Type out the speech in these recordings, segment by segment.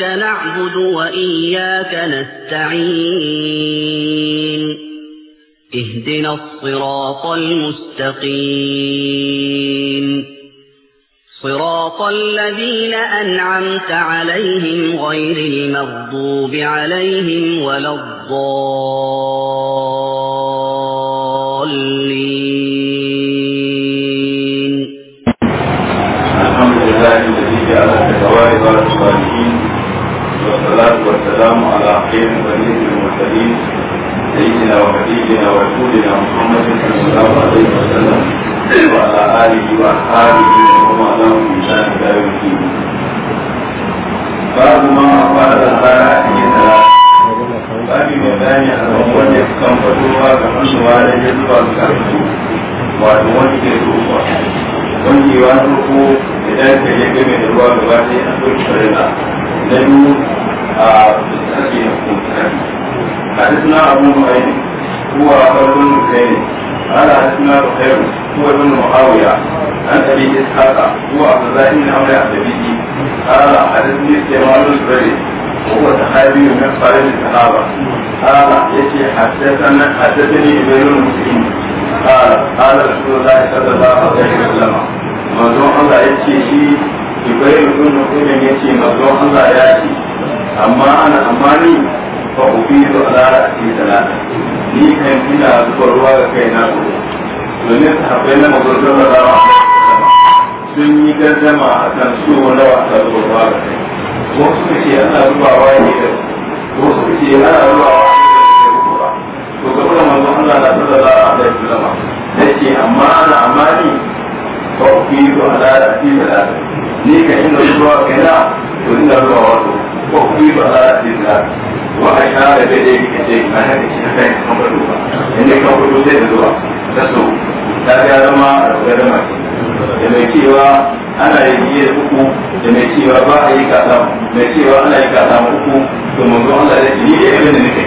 إياك نعبد وإياك نستعين اهدنا الصراط المستقيم صراط الذين أنعمت عليهم غير المغضوب عليهم ولا الضالين الحمد لله الذي جعل في والصلاة والسلام على خير وليد المرسلين سيدنا وحبيبنا ورسولنا محمد صلى الله عليه وسلم وعلى آله وأصحابه وما لهم من إلى يوم الدين. باب ما أفعل الخيرات من ثلاث babi mai bayani a kan wanda ya kan fatowa ga hannuwa da ya zuba ga karfi wato wani ke ruwa wankewa na farko idan ka حدثنا أبو نعيم هو أخر بن حسين قال حدثنا بخير هو ابن معاوية عن أبي إسحاق هو عبد الله بن عمرو العبدي قال حدثني سليمان البري وهو صحابي من خالد الصحابة قال يشي حدثنا حدثني ابن المسلمين قال قال رسول الله صلى الله عليه وسلم manzon Allah ya ce shi Ibrahim ibn Hudayr ya ce manzon Allah ya ce amma ana amma ni fa ubidu ala ti dala ni kan ina zuwa ruwa ga kai na ne domin sahabbai na magurgan da ba sun yi gaddama a kan su wanda ba ta zuwa ruwa ga kai wasu ka ce ana zubawa ne da wasu ka ce ana zuwa zubawa ne da kai to ga kuma manzon Allah da sallallahu alaihi wasallam yace amma ana amma ni fa ubidu ala ti dala ni kan ina zuwa kai na to ina zuwa wato وفي بغاء الناس وأشار بيديه كتير ما هذه كتير كم بدوها إنك كم بدوها بدوها تسو da mai cewa ana yi biyar uku da mai cewa ba a yi kasa mai cewa ana yi kasa uku to manzo Allah ya ce ni da irin nake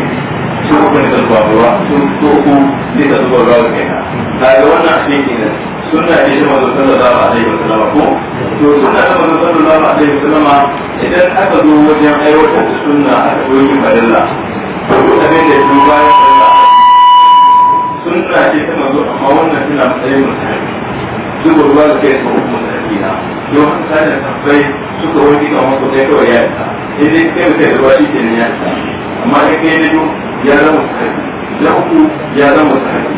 su uku ne zuwa ruwa su uku ne da zuwa ruwa ga kaina na ga wannan ashe kenan sunna ce ta a sallallahu alaihi wasallam ko to sunna ta a sallallahu alaihi wasallam idan aka zo wajen aiwatar da sunna aka koyi yin badalla abin da su bayan badalla sunna ce ta manzo amma wannan tana matsayin mutane zuwa ruwa ga kai ta hukumar sarkina don haka da tabbai suka wani ga wasu kai kawai ya isa idan kai mutai ruwa shi ke ne ya isa amma in kai ne duk ya zama sahabi na uku ya zama sahabi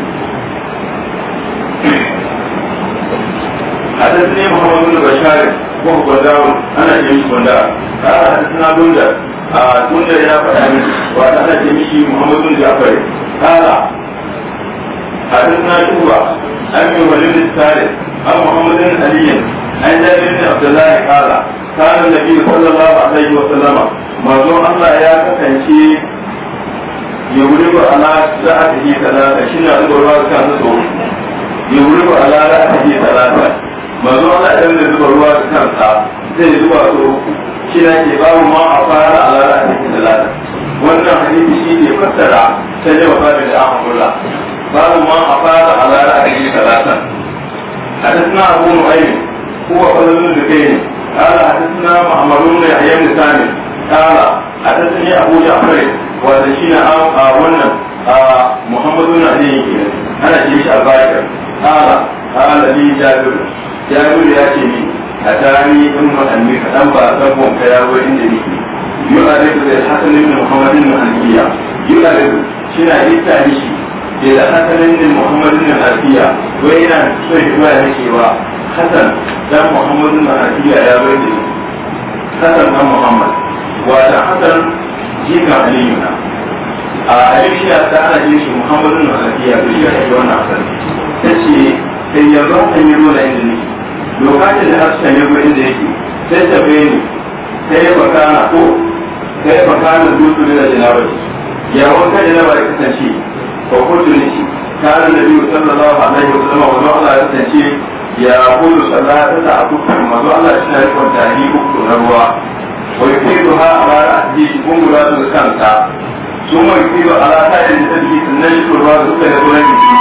حدثني محمد بن بشار وهو بنداون انا جميل بندار قال حدثنا بندر بندر يا فتامي وانا جميل محمد بن جعفر قال حدثنا شعبة عن وليد الثالث عن محمد بن علي عن جابر بن عبد الله قال كان النبي صلى الله عليه وسلم manzon Allah ya kasance ya wuri ba ala za a tafi talata shi na ruwa su kan so ya wuri ba ala za a tafi talata mazu ala ɗan da zuba ruwa su kansa zai zuba so shi na ke babu ma a fara ala za a tafi talata wannan hadisi shi ne fassara ta yawa babin da aka kula babu ma a fara ala za a tafi talata حدثنا da نعيم ne. Ala a ta suna محمد بن a بن سامي kala a tattalin abu da kare wanda shi na a wannan a muhammadu na ne yake ana shi albaka kala kala ni jabir jabir ya ce ni a tani in mu'anni ka dan ba san ka yawo inda ni yuna da ku da hasanin shi na yitta hasanin ni muhammadin wai yana so ya zuwa cewa hasan dan muhammadin na ya bai ni hasan dan muhammad wata hasan jika aliyu na a alifiya ta ana yin shi muhammadun na alifiya da shi ake wannan hasan ta ce sai ya zo ta yi nuna inda ne. lokacin da hasan ya zo inda yake sai ta bayani sai ya baka na ko sai ya baka na da jinabar ya wanka jinabar ya kasance ba ko tunisi كان النبي صلى الله عليه ya وزوء الله يتنشي يقول صلى الله عليه وسلم ما زوء الله ni وانتهي na ruwa. ويكيدها على رأسه يكون راس الخمسة ثم يكيد على سائر جسده سنن يشكر راس السنة ولنجي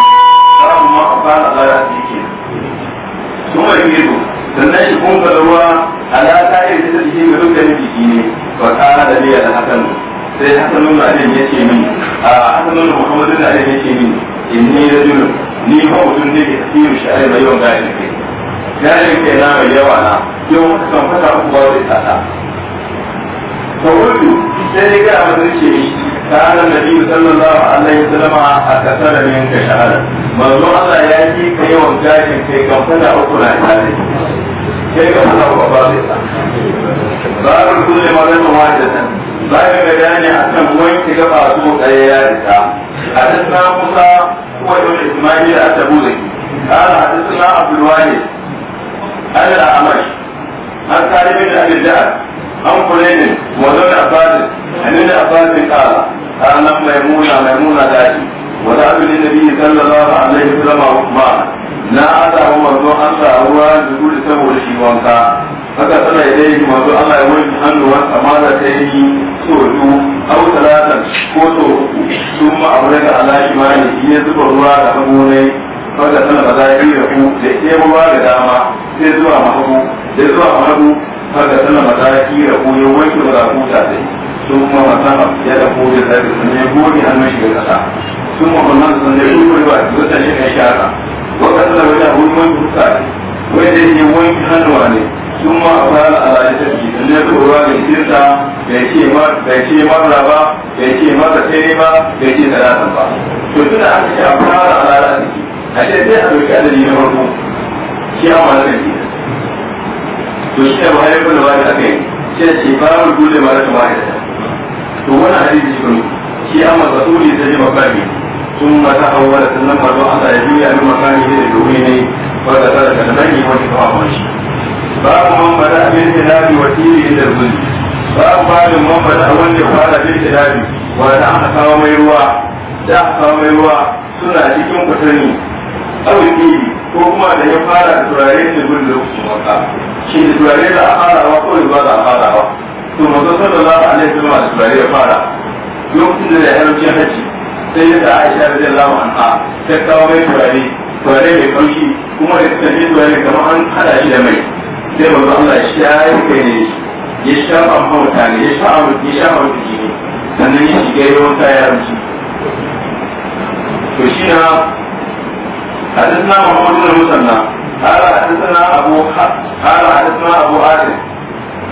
ما أفعل على رأسه ثم يكيد sannan shi kun على ruwa ala ملوك yi وقال jiki ga dukkanin da da sai hasan nuna alim ya ce min a hasan nuna muhammadu da ya ce min in ni da julu ni mutum ne ke mai yawan gari ne gari ke na yawa na yau kan fata uku zai فقلت سيدي كلام الرشيد كان النبي صلى الله عليه وسلم أكثر منك شهادة manzo Allah ya ji ka yawan gashin kai kan fada uku na tare kai ka fada uku ba zai sa ba ka kulle magana wanda nan akan wanki gaba su tsaye ya rika حدثنا موسى هو ابن اسماعيل التبوذي قال حدثنا عبد الوالد عن الاعمش عن سالم بن ابي an kure ne wanda da abadin hannun da abadin a ranar maimuna da biyu zan lalawa a alaihi sulama ma na ada wa mazo an sa ruwa dubu da saboda shi wanka haka tana idai shi mazo an sa wani hannu wanka ma za ta yi ne shi ne ruwa a yi da dama sai zuwa haka sana mata ya kira ko ya wanke ba ko ta sai sun ma mata ya da ko da zai sun ne gobe an mashi ga kasa sun ma wannan sun ne ko ba ko ta ne kai shara waka sana wata ko wanke ta sai wai dai ne wanke hannuwa ne sun ma fara ala ya tafi sun ne ko ruwa ne kirta ce ma ce ma ba ce ma sai ba ce ba to aka ce a fara ala tafi a ce sai a adadi na farko shi to shi abu hayar kun da ba da kai shi da ce babu dole mara ta to wani hadisi kun shi amma rasuli sai makami sun mata awwala sannan mazo Allah ya juya min makami da domin ne ba da tsara da dangi wani ba mun shi babu man bada min tilabi wa tiri da zulmi babu babu man bada wanda fara bin tilabi wa da aka kawo mai ruwa da aka kawo mai ruwa suna cikin kwatanni abu ne ko kuma da ya fara da turare ne gudun lokacin wanka shi da turare za a fara wa ko ruwa za a wa to za a ne su da turare ya fara lokacin da ya halarci haji sai ya da Aisha radiyallahu anha ta kawo mai turare turare mai kaushi kuma da ta ne turare kamar an hada shi da mai sai mazan Allah shi ya yi kai ne ya shafa amma ne ya shafa ya amma ya sha amma ya ya sha amma ya rubuci to shi na حدثنا محمد بن المثنى قال حدثنا ابو قال حدثنا ابو ادم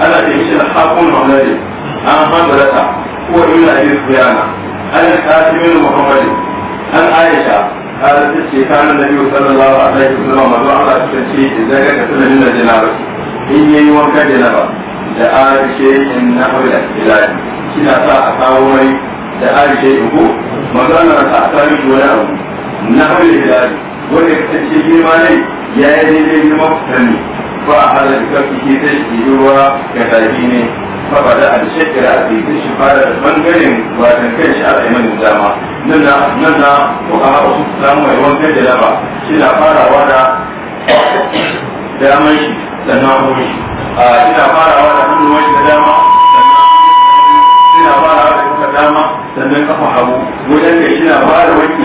انا جميل الحق المولد عن حنظله هو الى ابي سفيان عن الحاتم بن محمد عن عائشه قالت تشي كان النبي صلى الله عليه وسلم مدعو على تشي اذا كتب من الجنابه in يوم wanka da naba da arishe in na hau da ilani shi na sa a kawo mai da arishe in ko magana na sa a wani abu na hau da wanda ya kasance girma ne ya yi daidai girma kusan ne ba a halar da kafin ke shi ruwa ga ƙarfi ne fa ba da a shekara a bai shi fara da bangaren watan kan shi a tsaye dama nan na nan na ko a haɓa su samu mai wankan da laba shi na farawa da daman shi sannan hannun shi a ina farawa da hannun shi da dama sannan ina farawa da kuka dama sannan kafa hagu wajen kai shi na fara wani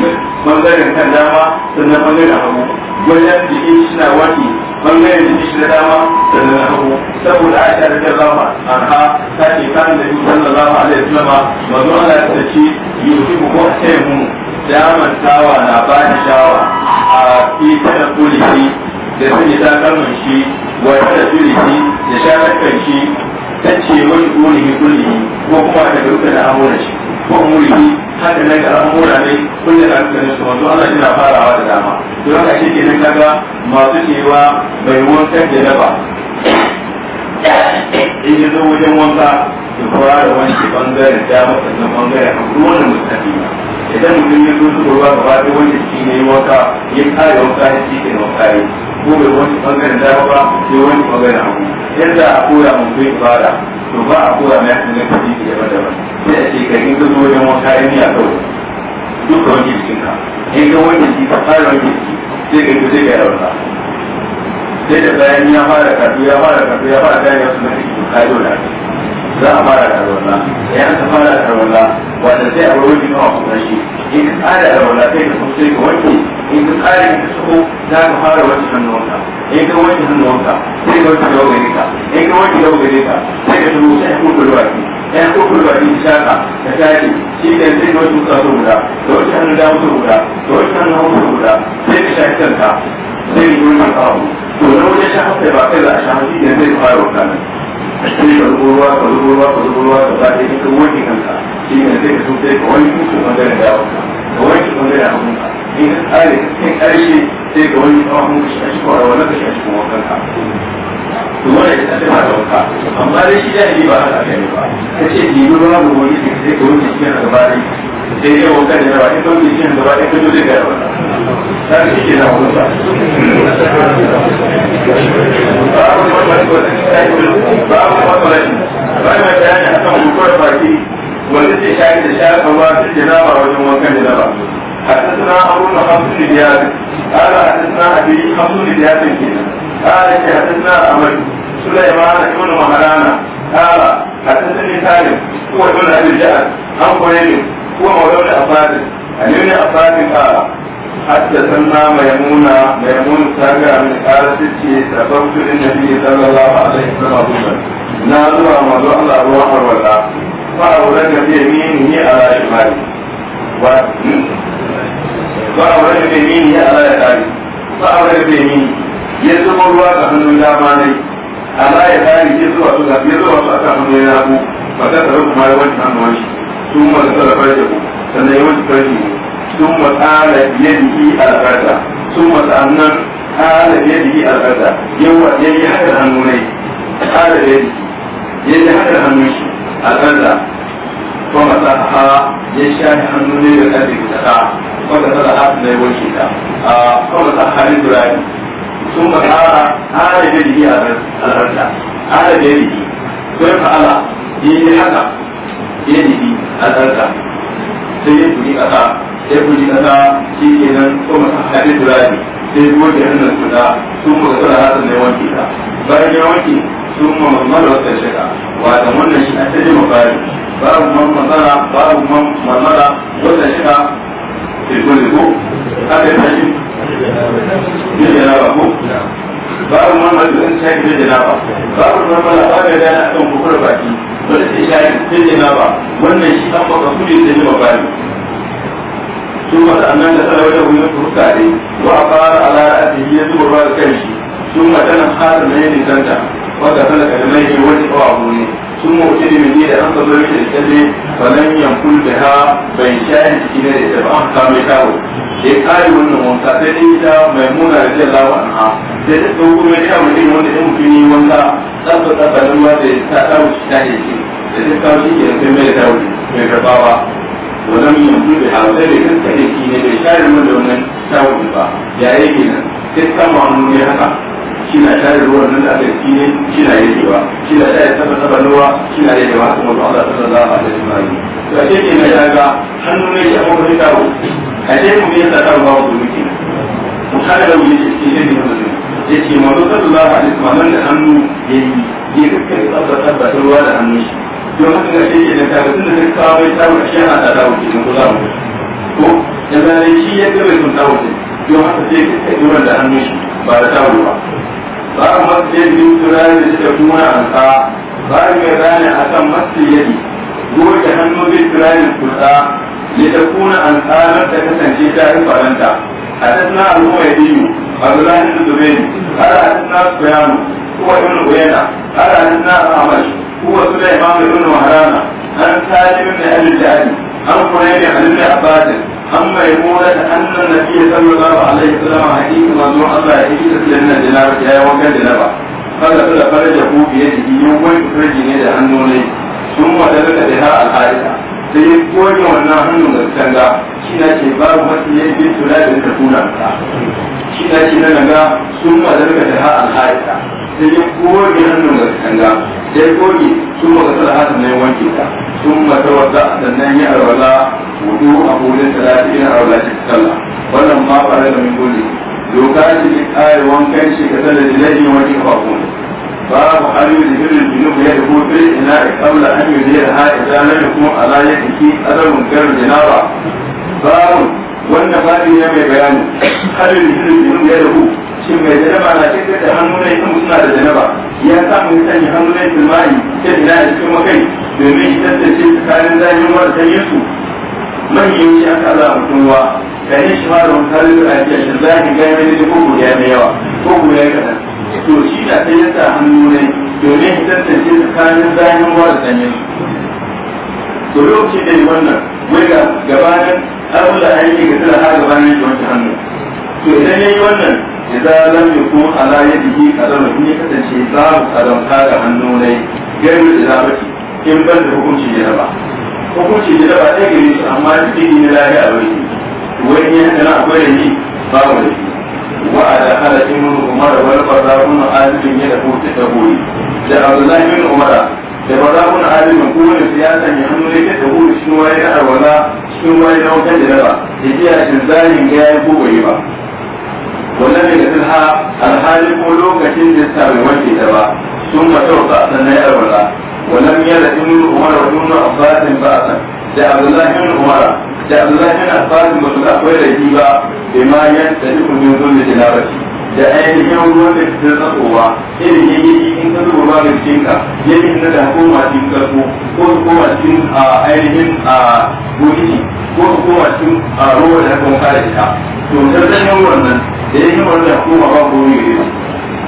bangaren kan dama sannan bangaren hagu wajen jiki suna wani bangaren jiki shi da dama sannan na hagu saboda a ta rage zama a ha ta ke kan da yusuf sallallahu alaihi wasallam manzo Allah ya yi yusuf ko sai mu daman tawa na ba ni shawa a fi da kulisi da sun yi takalman shi wa da kulisi da shafakkan shi ta ce wani kulisi kulisi ko kuma da dukkan amuran shi kuma wa umurihi haka nan ga al'amura ne kullum da aka su wato Allah yana farawa da dama don haka shi kenan kaga masu cewa bai wankan da daba in yi zo wajen wanka da fara da wani bangaren dama sannan bangaren ruwan da mutane idan mutum ya zo su ruwa gaba da wanda shi ne wata ya kare wata ya shi ke na wata yi ko bai wani bangaren da ba ko wani bangaren abu yadda a koya mutum fara to ba a koya mai hakan ga kaji ke daban daban sai a ce ka yi ka zo wajen wata ya a kawai duka wanke jikinka in ka wani jiki ka fara wani jiki sai ka yi sai ka yi sai da bayan ya fara kasu ya fara kasu ya fara kayan yasu na jiki ka za a fara da alwala ya ka fara da alwala wanda sai a wuri ka wasu kashi in ka tsara da alwala sai ka kusa ka wanke in ka tsara ka suko za ka fara wasu hannuwanka in ka wanke hannuwanka sai ka wanke dawo gare ka in ka wanke dawo gare ka sai ka shigo sai ka kuka ruwa ya ko kurba din shaka da tashi shi ne sai ka wanke musa sau guda da wanke hannu da musa guda da wanke hannu da musa guda sai ka shafi kanka sai ka yi wani kawo to na wajen shafa sai ba kai za a shafa shi ne sai ka fara wakanan sai ka zubo ruwa ka zubo ruwa ka zubo ruwa ka ka wanke kanka shi ne sai ka sai ka dawo ka in ka tsare cikin ƙarshe sai ka ka shi a cikin wani ka shi a cikin to mata wanka amma dai shi ya yi ba ba ce ruwa ga wani sai ka cikin sai ya wanka in ka cikin ka zo zai gaya ta ce ke na ba kwanaki bai mai ta yi akan mutuwar baki wanda ke shayi da shafa ba su ke na ba wajen wankan ne da afadin حدثنا ميمونة ميمون ساقع من قالت تشي سببت للنبي صلى الله عليه وسلم نادوا رمضان الله روح ولا فأولد بيمينه على شماله فأولد بيمينه على يساره فأولد بيمينه يزم الله كهنو داماني على يساره يزوى سلطة يزوى سلطة كهنو ينابو فكثروا ما يوجه عن وجه ثم تتلقى يجبو سنة يوجه فرجه sun matsala yadihi albarka sun matsannan ala yadihi albarka yawa ya yi da hannu ne ala ya yi da hannun shi albarka ko matsaha ya shafi hannu ne da ɗan da ta wanda ta da hasu da ya wanke ta ko matsaha ne durani sun matsara ala yadihi albarka ala yadihi ya yi haka yadihi albarka sai ya kuri kasa sai kuri kasa shi ke nan kuma haɗe turari sai ya wanke hannun suna sun mu kasar hasan ne wanke ta bayan ya wanke sun mu mamman wata shaka wata wannan shi a sai mu bari babu man mazara babu man mazara wata shaka sai kuri ko haka ne ko babu man mazuin shafi da janaba babu man mala ba da dana kan kufur baki wanda sai shafi da janaba wannan shi an baka kudi da jima bani ثم تأمن سلوته من فرقاته وأقار على رأسه يزور الكنش ثم تنحى من يدي سنتا وكفل كلميه وجهه وعبونه sun mace da mai da an kazo yake da tsalle falan yankul da ha bai shayin ciki ne da ita ba an kame kawo da ya kare wannan wanka sai dai ita mai muna da jan lawa an ha sai ta tsohu mai kawo ne wanda ɗan mutum yi wanka tsabta tsabta da ruwa ta ta kawo shi ta ne shi da ta kawo shi ke sai mai da mai karbawa wannan yankul da ha sai bai kaskare shi ne bai shayin wanda wannan ta shawun ba ya yi nan. sai ta mamu ne haka kina tare da ruwan nan da kai ne shi na yankewa shi na shayar saba saba ruwa shi na ta haka mutum Allah sallallahu alaihi wasallam to a cikin mai daga hannu ne ya kuma rika ro a cikin mu ne ta ta ba mu miki mu kada da mu ne cikin ne mu ne yace ma sallallahu alaihi ba da kuma nan hannu ya yi ya kai saba saba ruwa da hannu shi to haka ne sai ya ta ga tun da ka ya ta wuce yana ta dawo ki mu za mu ko da shi ya ga mai sun dawo don haka sai ka yi ruwan da hannu shi ba da tawo ba babu masjid bin turare da suka kuma ansa babu mai rani a kan masjid goge hannu bin turare kusa ya ta kuna ansa don ta kasance ta yi faranta حدثنا أبو يزيد عبد الله بن زبير قال حدثنا سفيان هو ابن عيينة قال حدثنا الأعمش هو سليمان بن مهران an talib na yan jani an kuma yi an da abadin an mai mura da an nan na fiye san da zaba alaihi salama a yi kuma zuwa allah ya yi ta tilin na dinar ya yi wakar dinar ba kada da ku biye da yi yau wani kurji ne da hannu ne sun wada da da ha al'arika sai yi wannan hannun da su canza shi na ke babu masu yin bin tura da ta tuna shi na ce na ga sun ma da daga taha alhaita sai ya goge hannun da kanga sai ni sun ma ka tsara hatan nan wanke ta sun ma ta wata sannan ya arwala wudu a hulun talati ina arwala shi sallah wannan ma fara da min goge doka ce ne kare wankan shi ka sallar da laifin wani kafafun babu hali da hirin junub ya da kuma fil ina kabla an yi da ha idan lam yakun ala yadihi adarun gar janaba babu wannan babi ne mai bayani halin mutum da ya rabu shin mai janaba na cikin da ne in suna da janaba ya samu ya sanya hannunai filmari ta ina da cikin makai domin ita ta ce tsakanin zahin ruwa da sanyin su yi shi aka ala mutuwa da yin shi ma da mutane da ake shi zahin gaya mai da koko ya mai yawa koko ya yi kaɗan to shi da ta yasa hannunai domin ita ta ce tsakanin zahin ruwa da sanyin su to lokacin da yi wannan wai ga gabanin abula an yi ga tana har gabanin shi wancan hannu to idan ya yi wannan ya za a lam ya kuma ala ya jiki kalam in ya kasance za mu kalam kada hannu ne gari da zabaki in ban da hukunci ya raba hukunci ya raba ɗaya gari su amma jiki ne lahi a wani wani ya hana akwai da ni babu da shi wa a da halakin mun umara wani fasa kuma azibin ya da hutu ta goyi da abdullahi bin umara da ba za ku na alimin kowane siyasa ne hannu ne ta tabu da cikin ya na arwala cikin wani na wutar da daba da jiya shi zalin ya yi ko bai ba wannan daga tilha alhali ko lokacin da ta bai wanke ta ba sun ma tauka sannan ya arwala wannan ya da ibn umar wa tun abbas ba san da abdullahi umar da abdullahi ibn abbas ba su akwai da ba da yan tabi kun yin zulmi tilabati da ainihin ruwan da ta tsakowa irin ya yi cikin kasu ruwa da cinka ya yi na da koma cikin kasu ko su koma cikin ainihin bukiti ko su koma cikin ruwa da haka muka da ita to tattalin wannan da ya yi wannan koma ba ko yi ne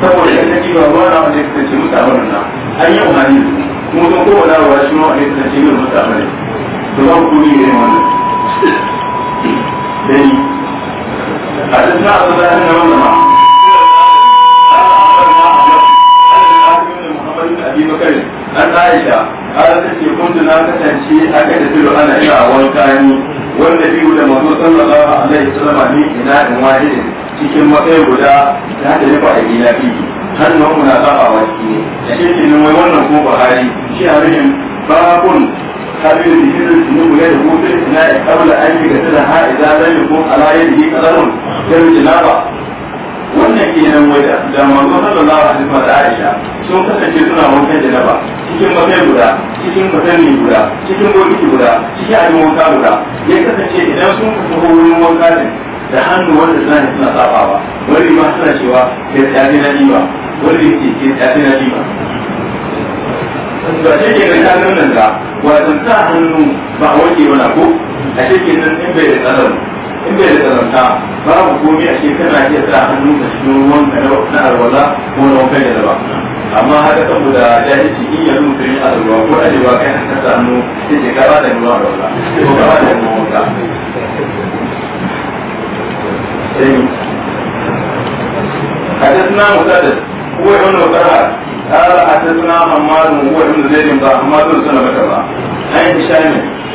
saboda ya ta kiwa ruwa na wanda ya kasance mutanen nan an yi umarni kuma sun kowane ruwa shi ma wanda ya kasance yin mutanen to ba ko yi ne wannan dai a cikin abu da ya nuna an aisha har ta ce kuntu na kasance a kai da tilo ana ina wanka ni wanda biyu da mazo sallallahu alaihi wasallam ni ina in wahidin cikin matsayi guda ta hada ne ba a gina biyu hannun mu na saba wa ciki ne shi ke nan wai wannan ko buhari shi a rikin babun kabin da hirin ne mu ga da gobe ina ya kabla an aiki ga tsira ha idan zai ko ala yadi kadarun sai mu jinaba wannan kenan waje da manzo sallallahu alaihi wa aisha sun kasance suna wankan janaba cikin mafi guda cikin mafi guda cikin bokiti guda cikin ajin wanka guda ya kasance idan sun kasa wurin wanka ne da hannu wanda suna ne suna ba wani ma suna cewa ke tsaye na lima wani ke ke tsaye na lima ba ce ke ga tsarin nan da wato sa hannu ba wanke wani ko a shi ke nan in bai da tsarin in da zaranta babu komai a shekara iya sa hannu da cikin ruwan na alwala ko na wankan da ba amma haka saboda jahilci in ko kai haka sa hannu sai da ko gaba da حدثنا مسدد هو ابن قال حدثنا حماد هو ابن زيد بن حماد بن عن هشام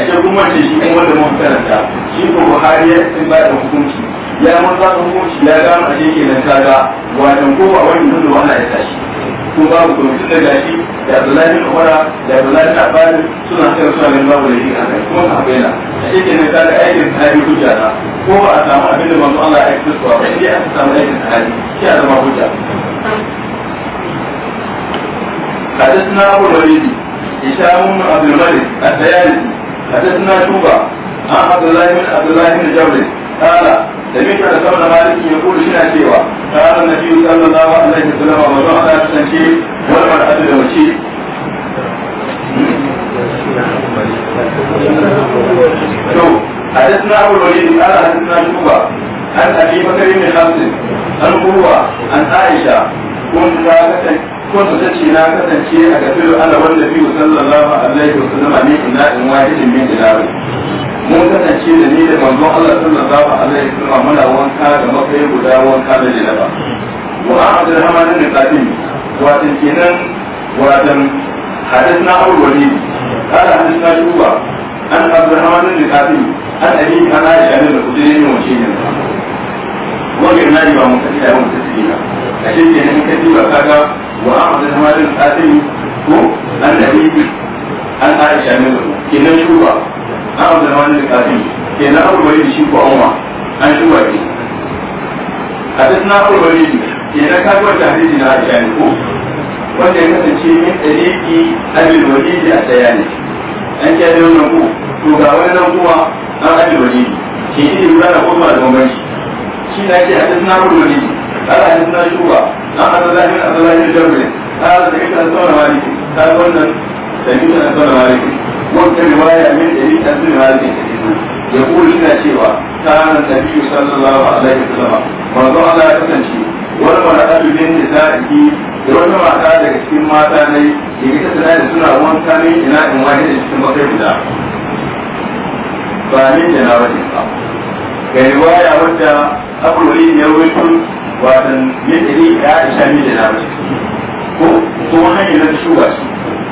ake kuma ce shi kuma wanda mun karanta shi ko Buhari ya sun ba da hukunci ya mun ba da hukunci ya gano a shi nan kaga wajen ko ba wani nuna wannan ya tashi ko babu kwamitin da gashi da Abdullahi bin Umar da Abdullahi bin Abbas suna kan suna ganin babu da yake haka kuma ka bayyana a shi kenan kaga aikin sahabi hujja na ko ba a samu abin da manzo Allah ya aikata su ba sai an samu aikin sahabi shi a zama hujja حدثنا أبو الوليد هشام بن عبد الملك الديالي حدثنا شوبة عن عبد الله بن عبد الله بن جبر قال سمعت أنس بن مالك يقول شنا سوى قال النبي صلى الله عليه وسلم ومن على تسنكي والمرأة المشي حدثنا أبو الوليد قال حدثنا شوبة عن أبي بكر بن حفص عن قوة عن عائشة kun ta ce na kasance a gafiru ala wanda biyu sallallahu alaihi wa sallama ne ina in wahidin min dilawi mun kasance da ni da manzon Allah sallallahu alaihi wa sallama muna wanka da makai guda wanka da dilaba wa abdul rahman bin qasim wato kenan wato hadithna abu an قال حدثنا شعبة عن عبد الرحمن بن قاسم عن أبي عن عائشة بن الخدري وشيخ وغير نادي ومتسلسل a shi ke nan ka diba kaga wa amma da marin tsadin ko an da yi an aisha ne ke nan shuba amma da marin tsadin ke nan abu bai shi ko amma an shuba ke a duk na abu bai ke nan ka ga wata hadisi na aisha ne ko wanda ya kasance min tsariki abin wajibi a tsaya ne an da wannan ko to ga wannan kuma an abin wajibi shi ne lura da kuma da bambanci shi na ce a duk na abu bai قال حدثنا شعبة عن عبد الله بن عبد الله بن جبر قال سمعت عن سؤال مالك قال قلنا سمعت عن سؤال مالك وقت رواية من سمعت عن سؤال مالك يقول لنا شيوا كان النبي صلى الله عليه وسلم manzo Allah ya kasance wani mara'atu bin nisa'i da wani mata daga cikin mata ne da ita tana da suna wanka ne ina in wani da cikin makai guda ba min da na wajen ba ga riwaya wadda abu ne ya wuce watan yadda ne ya isha mi da nawa ko ko hanyar na shuga shi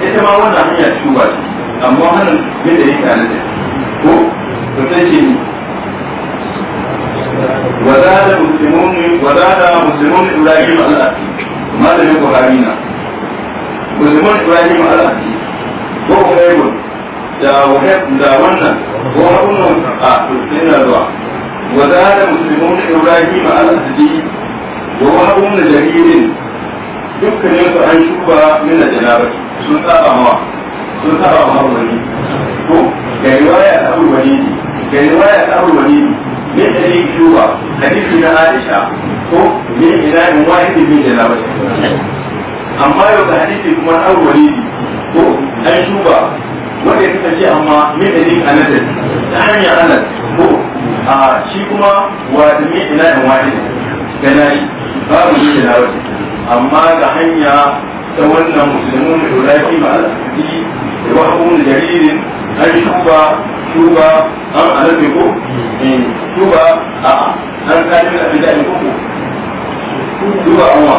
ita ma wannan hanya shuga shi amma hannun yadda ne ka nada ko to sai ce ni wazada muslimun wazada muslimun ibrahim al-ati malamin buharina muslimun ibrahim al-ati ko ubaybun da wahab da wannan ko wannan a to sai na zuwa wazada muslimun ibrahim al-ati wa abun jariri jaririn dukkanin su an shuba min da janaba sun saba mawa sun saba mawa wani ko ga riwaya ta abu wani ga riwaya ta abu wani ne da ne shuba hadisi na Aisha ko ne ina in wahidi min amma yau kuma na ko an wanda ya kasance amma min da ne anadas ta hanyar anas ko a shi kuma wa da min ina in wahidi ganashi babu yi da nawa amma ga hanya ta wannan musulmin da yuraki ma al-asadi da wahabun jaririn an shuba shuba an alabe ko eh, shuba a an kalin abin da ya koko shuba an wa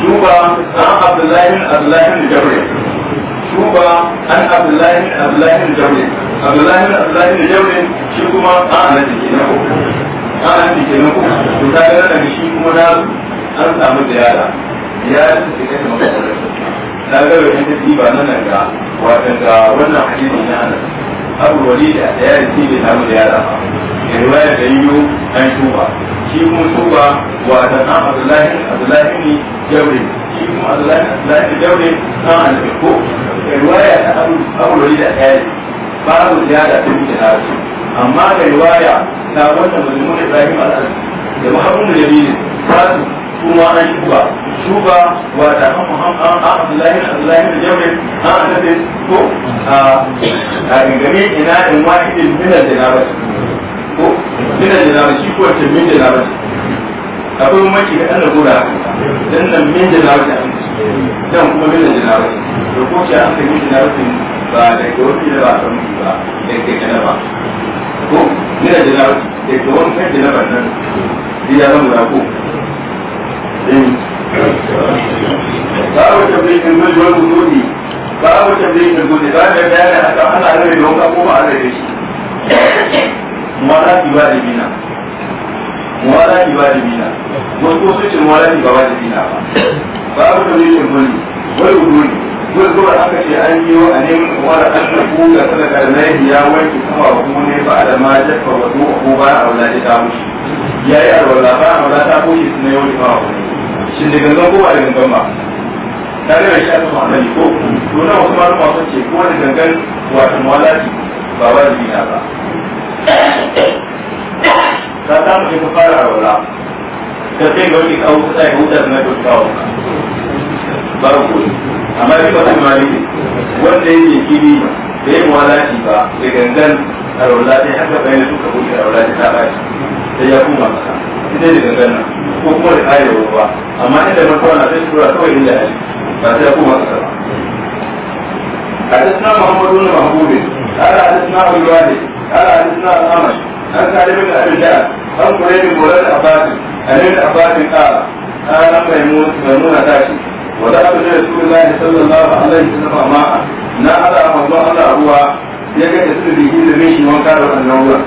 shuba an abdullahi abdullahi jabri shuba an abdullahi abdullahi jabri abdullahi da abdullahi da jaurin shi kuma a annabi ke na uku a annabi ke na uku to ta ga daga shi kuma na an samu da yara yara su ke kai maka na ga wajen ta ba nan nan ga wajen ga wannan hadisi na anas abu wali da ya yi tibi samu da yara ba da riwaya da yiwu an tuba shi kuma tuba wajen an abdullahi abdullahi ne jaurin shi kuma abdullahi abdullahi da jaurin an annabi ko riwaya da abu wali da ya yi babu ziyara ta cikin su amma ga riwaya na wanda majmun ibrahim al-azim da muhammadu jamil sasu kuma an shuba shuba wa da an muhammad an ah, ah, abdullahi abdullahi da jamil an annabi ko a ah, gangame ina in wahidin min al-janaba ko min al-janaba shi ko ta min al-janaba akwai mace da Allah gura dan nan min al-janaba dan kuma min al-janaba to ko ce an kai min al-janaba ba da ke da ba san miji ba da ke ba ko ina janaba da ke wani kan janaba nan gida na ba ko babu tabbatin gudu wani gudu babu tabbatin gudu ba da bayani haka ana rage da wani abubuwa a rage shi muwala ba da bina muwala ba da bina wasu sun ce muwala ba da bina ba babu tabbatin gudu wani gudu duk zuwa aka ce an yi wa ne wani an tafi ga na nahi ya wanke kuma ku ne ba da ma jafa wa duk ku ba a wula ta mushi ya yi alwala ba a wula ta mushi su ne wani ba shi da gangan ko ba da gangan ba tare da shi a tafi annabi ko to na wasu malu masu ce kuma da gangan wato mawalaci ba ba da bina ba ta samu ne ka fara alwala ta sai ga wani kawo ta yi huta na dukkan babu kuma amma shi ba kuma ne wanda yake kini da ya muwalaci ba da gangan a raula sai haka da suka buɗe a raula ta ba sai ya kuma masa ita da gangan nan ko kuma da ƙayar ruwa amma inda mutuwa na sai tura kawai inda ya ba sai ya kuma masa ba حدثنا محمد بن محبوب قال حدثنا ابو الوالد قال حدثنا الاعمش عن سالم بن ابي الجعد عن قريب بن عباس عن na wala ta da rasulullahi sallallahu alaihi wasallam ma na ala manzo Allah ruwa ya ga da su bihi da mishi wanka da wannan ruwa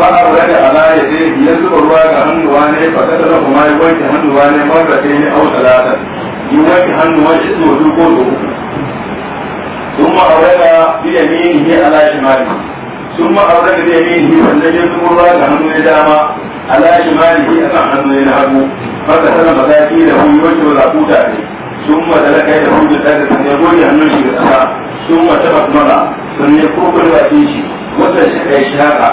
fa aure da ala ya dai ya zuba ruwa ga hannuwa ne fa ta da kuma ya wanke hannuwa ne marra kai ne au talata yi wanke hannuwa shi so duk ko uku ثم أورد بيمينه على شماله ثم أورد بيمينه sannan ya zuba ruwa ga hannu ya dama ala shimalihi akan hannu ya na hagu fa ta sana mazaki da hu yoshi wa zakuta ne sun ma da raka da hujja ta da sannan goyi hannun shi ga ƙasa sun ma taɓa mara sannan kokon bakin shi wata shi kai shi haka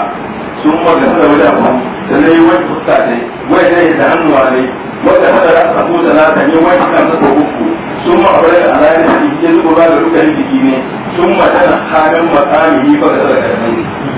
sun ma da sada wajen ku sannan yi wani fuska ne wai da da hannuwa ne wata hada da aka kuta na ta ne wani kan ta ko uku sun ma a bayan alayyar da ke zuba ba da rukanin jiki ne sun ma tana halin matsami ba ga sada karfi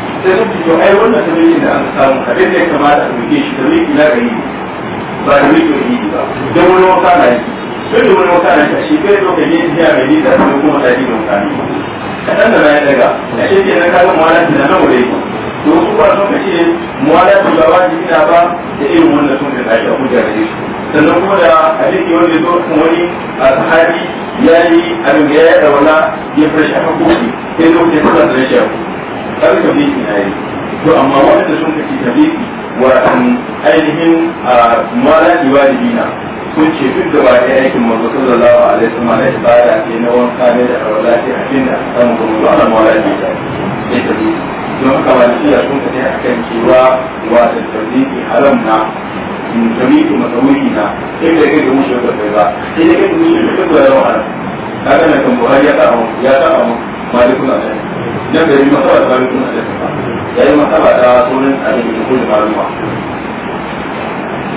sai na fito ai wannan tabirin da an samu abin da ya kamata a buge shi tabirin na gari ba da wani tauhidi ba don wani wata na yi sai da wani wata na yi shi kai zo ka je jiya mai nisa da kuma da ji don kani kaɗan da na yi daga a shi ke na kaga mu'alati da nan wuri ba to su ba sun kace mu'alati ba ba ji ina ba da irin wannan sun da tashi a hujja da shi sannan kuma da hadisi wanda zo kan wani a sahabi ya yi abin da ya yi da wala ya fashe a hakuri sai lokacin da ya shi kaga tabliki na yi to amma wanda sun kace bi. wa ainihin mala iwalidina sun ce duk da ba ya aikin manzo sallallahu alaihi wasallam na ibada ne na wanka ne da alwala ne a cikin da san ko Allah mala ne ta ne tabliki don haka malikiya sun kace akan cewa wa tabliki haram na musulmi da masauri na sai da kai da mushi da kai ba sai da kai da mushi da kai ba haram kaga na kan buhari ya ta ya ta malikuna da idan bai yi matsala da malikuna da ya yi matsala da sunan abin da kuma maluma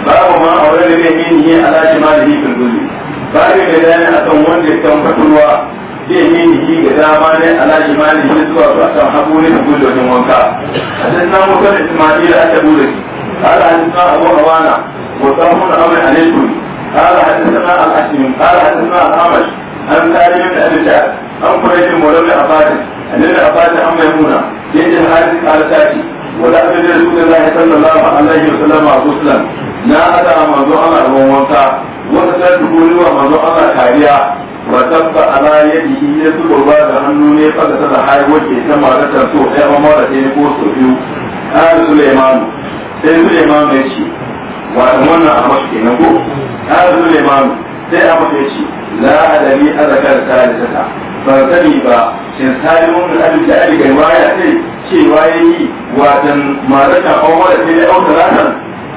babu ma a wurin da bai yi a lashi malihi firguli babu da dani a kan wanda ya kan faturwa zai yi nihi ga dama ne a a cikin namu a tabu قال حدثنا ابو عوانه وسام بن عمرو عن الكل قال حدثنا الاشم قال حدثنا الامش an tsari min abin da an kurejin molar da abadin annin da abadin an mai muna yadda hadis kalata ce wala abin da su da zai sallallahu alaihi wa sallama a muslim na ada manzo ana ruwan wanka wata ta dubuli wa manzo ana kariya wa tabba ala yadihi ya ba da hannu ne fa da ta haihuwa ke ta maratar so ɗaya mamara ɗaya ko so biyu sai قال سليمان سيد سليمان ماشي وأمنا أمشي نقول قال سليمان sai abu da ce la alami azakar salisata ban sani ba shin salimun da abin da abin gaiwa ya ce cewa ya yi watan mazaka kowa da sai ya auta ranar